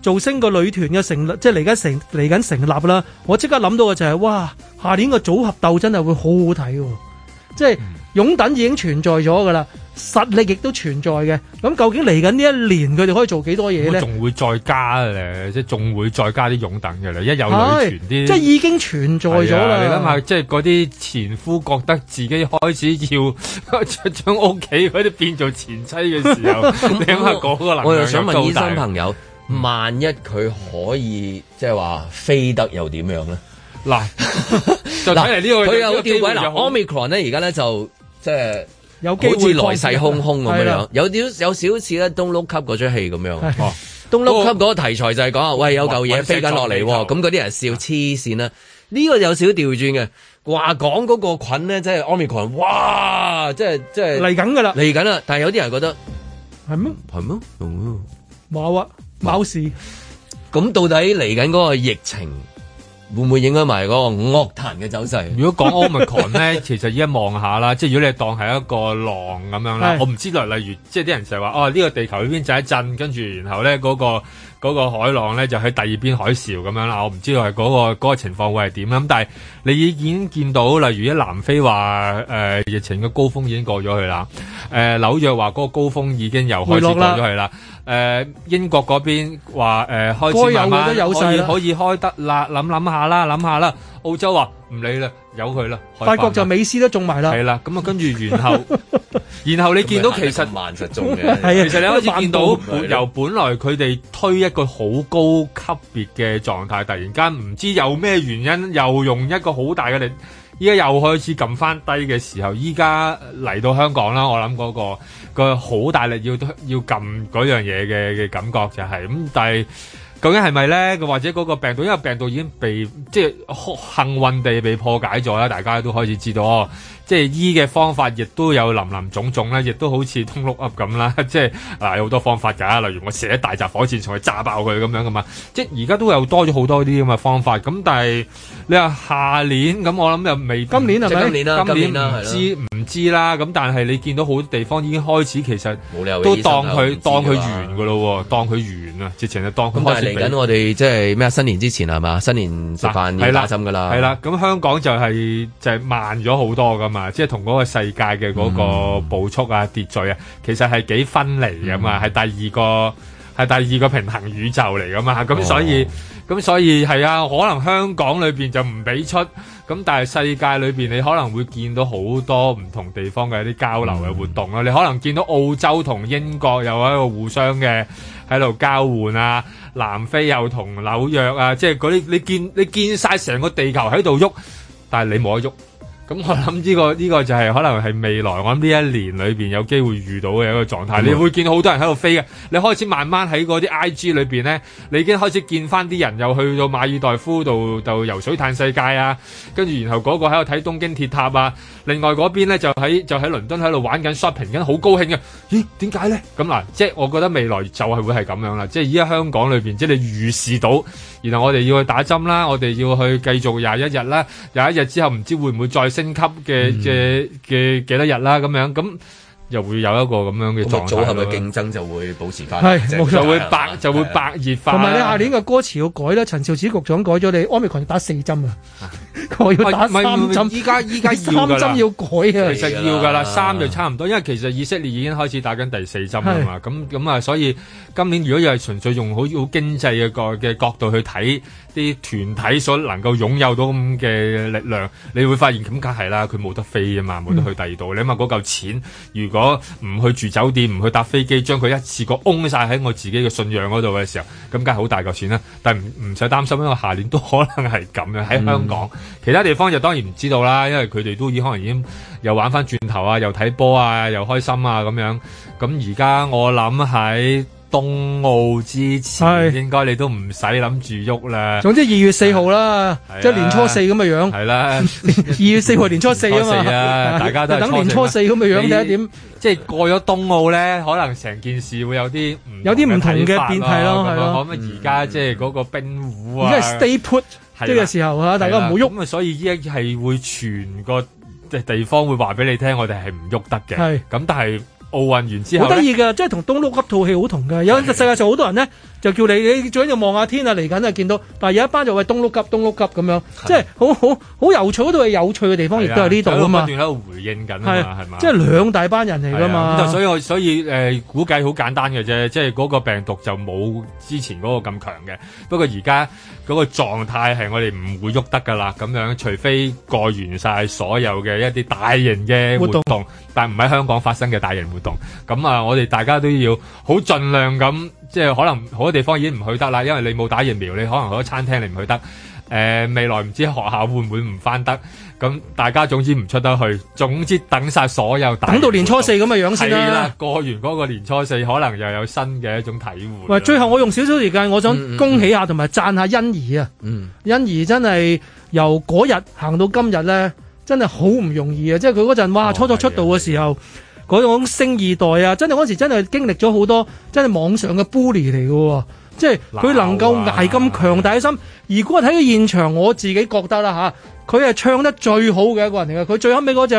造星個女團嘅成立，即係嚟緊成嚟緊成立啦。我即刻諗到嘅就係，哇！下年個組合鬥真係會好好睇喎，即係。擁躉已經存在咗噶啦，實力亦都存在嘅。咁究竟嚟緊呢一年佢哋可以做幾多嘢咧？仲會再加嘅咧，即係仲會再加啲擁躉嘅咧。一有儲存啲，即係已經存在咗啦。你諗下，即係嗰啲前夫覺得自己開始要將屋企嗰啲變做前妻嘅時候， 你諗下嗰個能量 我，我又想問醫生朋友，萬一佢可以即係話飛得又點樣咧？嗱，就睇嚟呢個佢 有點鬼。嗱，Omicron 咧，而家咧就。 即係，有機會好似來勢洶洶咁樣，有啲有少似咧《東屋吸 Don't Look Up》嗰出戲咁樣。Don't Look Up 嗰個題材就係講啊，喂，有嚿嘢飛緊落嚟，咁嗰啲人笑黐線啦。呢、啊這個有少少調轉嘅，話講嗰個菌咧，即係 omicron，哇，即係即係嚟緊噶啦，嚟緊啦。但係有啲人覺得係咩？係咩嗎？冇啊、嗯，冇、嗯、事。咁到底嚟緊嗰個疫情？會唔會影響埋嗰個樂壇嘅走勢？ 如果講 Omicron 咧，其實依家望下啦，即係如果你當係一個狼咁樣啦， 我唔知道例例如，即係啲人成日話哦，呢、呢個地球呢邊就一震，跟住然後咧嗰、嗰個。嗰個海浪咧就喺第二邊海潮咁樣啦，我唔知道係嗰、嗰個嗰個情況會係點啦。咁但係你已經見到，例如果南非話誒、呃、疫情嘅高峰已經過咗去啦。誒、呃、紐約話嗰個高峰已經又開始過咗去啦。誒、呃、英國嗰邊話誒、呃、開始慢慢可以可以開得啦，諗諗下啦，諗下啦。澳洲話唔理啦。有佢啦，法國就美斯都種埋啦，係啦，咁啊跟住，然後，然後， 然後你見到其實慢實種嘅， 其實你開始見到 由本來佢哋推一個好高級別嘅狀態，突然間唔知有咩原因，又用一個好大嘅力，依家又開始撳翻低嘅時候，依家嚟到香港啦，我諗嗰、嗰個、嗰個好大力要要撳嗰樣嘢嘅嘅感覺就係、係、咁，但係。究竟係咪咧？或者嗰個病毒，因為病毒已經被即係幸運地被破解咗啦，大家都開始知道。即係醫嘅方法亦都有林林總總啦，亦都好似通碌 up 咁啦。即係啊，有好多方法㗎。例如我射一大紮火箭上去炸爆佢咁樣噶嘛。即係而家都有多咗好多啲咁嘅方法。咁但係你話下年咁，我諗又未。今年係咪？今年今年啦，係唔知唔知啦。咁但係你見到好多地方已經開始，其實都當佢當佢完㗎咯，當佢完啊，直情係當佢。咁但係嚟緊我哋即係咩新年之前係嘛？新年食飯要打針啦。係啦，咁香港就係就係慢咗好多㗎嘛。啊，即係同嗰個世界嘅嗰個步速啊、嗯、秩序啊，其實係幾分離噶嘛，係、嗯、第二個係第二個平衡宇宙嚟噶嘛，咁、哦、所以咁所以係啊，可能香港裏邊就唔俾出，咁但係世界裏邊你可能會見到好多唔同地方嘅一啲交流嘅活動咯，嗯、你可能見到澳洲同英國又喺度互相嘅喺度交換啊，南非又同紐約啊，即係啲你見你見晒成個地球喺度喐，但係你冇得喐。咁、嗯、我諗呢、呢個呢、呢個就係可能係未來，我諗呢一年裏邊有機會遇到嘅一個狀態。你會見到好多人喺度飛嘅，你開始慢慢喺嗰啲 IG 裏邊呢，你已經開始見翻啲人又去到馬爾代夫度度游水嘆世界啊，跟住然後嗰個喺度睇東京鐵塔啊，另外嗰邊呢就喺就喺倫敦喺度玩緊 shopping 緊，好高興啊。咦？點解呢？咁嗱，即係我覺得未來就係會係咁樣啦。即係而家香港裏邊，即係你預示到。然後我哋要去打針啦，我哋要去繼續廿一日啦，廿一日之後唔知會唔會再升級嘅嘅嘅幾多日啦咁樣咁。又會有一個咁樣嘅組合嘅競爭就會保持翻，就會白就會白熱化。同埋你下年嘅歌詞要改啦，陳肇始局長改咗你 Omicron 要打四針啊，我要打三針。依家依家要三針要改啊。其實要噶啦，三就差唔多，因為其實以色列已經開始打緊第四針啊嘛。咁咁啊，所以今年如果又係純粹用好好經濟嘅嘅角度去睇啲團體所能夠擁有到咁嘅力量，你會發現咁梗係啦，佢冇得飛啊嘛，冇得去第二度。你諗下嗰嚿錢，如果如果唔去住酒店，唔去搭飛機，將佢一次過擁曬喺我自己嘅信仰嗰度嘅時候，咁梗係好大嚿錢啦。但係唔唔使擔心，因為下年都可能係咁樣喺香港，嗯、其他地方就當然唔知道啦，因為佢哋都已可能已經又玩翻轉頭啊，又睇波啊，又開心啊咁樣。咁而家我諗喺。冬奧之前，應該你都唔使諗住喐啦。總之二月四號啦，即係年初四咁嘅樣。係啦，二月四號年初四啊嘛。年初四啊，大家都等年初四咁嘅樣。第一點，即係過咗冬奧咧，可能成件事會有啲唔有啲唔同嘅變態咯。咁啊，而家即係嗰個冰壺啊，因為 stay put，即嘅時候啊，大家唔好喐。咁啊，所以依家係會全個地方會話俾你聽，我哋係唔喐得嘅。係咁，但係。奧運完之後好得意嘅，即係同 Don't Look Up 套戲好同嘅。有世界上好多人咧，就叫你你坐喺度望下天啊，嚟緊啊，見到。但係有一班就話 Don't Look Up，Don't Look Up 咁樣，是啊、即係好好好有趣度係有趣嘅地方，亦都係呢度啊嘛。不斷喺度回應緊係嘛，即係兩大班人嚟噶嘛。就、啊、所以我所以誒、呃、估計好簡單嘅啫，即係嗰個病毒就冇之前嗰個咁強嘅。不過而家嗰個狀態係我哋唔會喐得噶啦，咁樣除非過完晒所有嘅一啲大型嘅活動。活動但唔喺香港發生嘅大型活動，咁啊，我哋大家都要好盡量咁，即係可能好多地方已經唔去得啦，因為你冇打疫苗，你可能好多餐廳你唔去得。誒、呃，未來唔知學校會唔會唔返得，咁大家總之唔出得去，總之等晒所有。等到年初四咁嘅樣先、啊、啦。係過完嗰個年初四，可能又有新嘅一種體會。喂，最後我用少少時間，我想恭喜下同埋、嗯嗯嗯、讚下欣宜啊。嗯、欣宜真係由嗰日行到今日咧。真係好唔容易啊！即係佢嗰陣哇，初初出道嘅時候，嗰、哦、種星二代啊，真係嗰時真係經歷咗好多，真係網上嘅 bully 嚟嘅。即係佢能夠捱咁強大嘅心。啊、如果我睇到現場，我自己覺得啦嚇，佢、啊、係唱得最好嘅一個人嚟嘅。佢最後尾嗰隻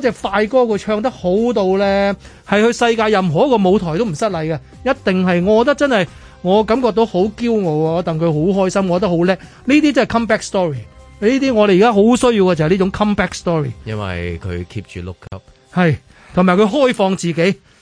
隻快歌，佢唱得好到呢，係去世界任何一個舞台都唔失禮嘅。一定係我覺得真係，我感覺到好驕傲，我戥佢好開心，我覺得好叻。呢啲真係 comeback story。呢啲我哋而家好需要嘅就係、是、呢種 comeback story，因為佢 keep 住碌級，係同埋佢開放自己。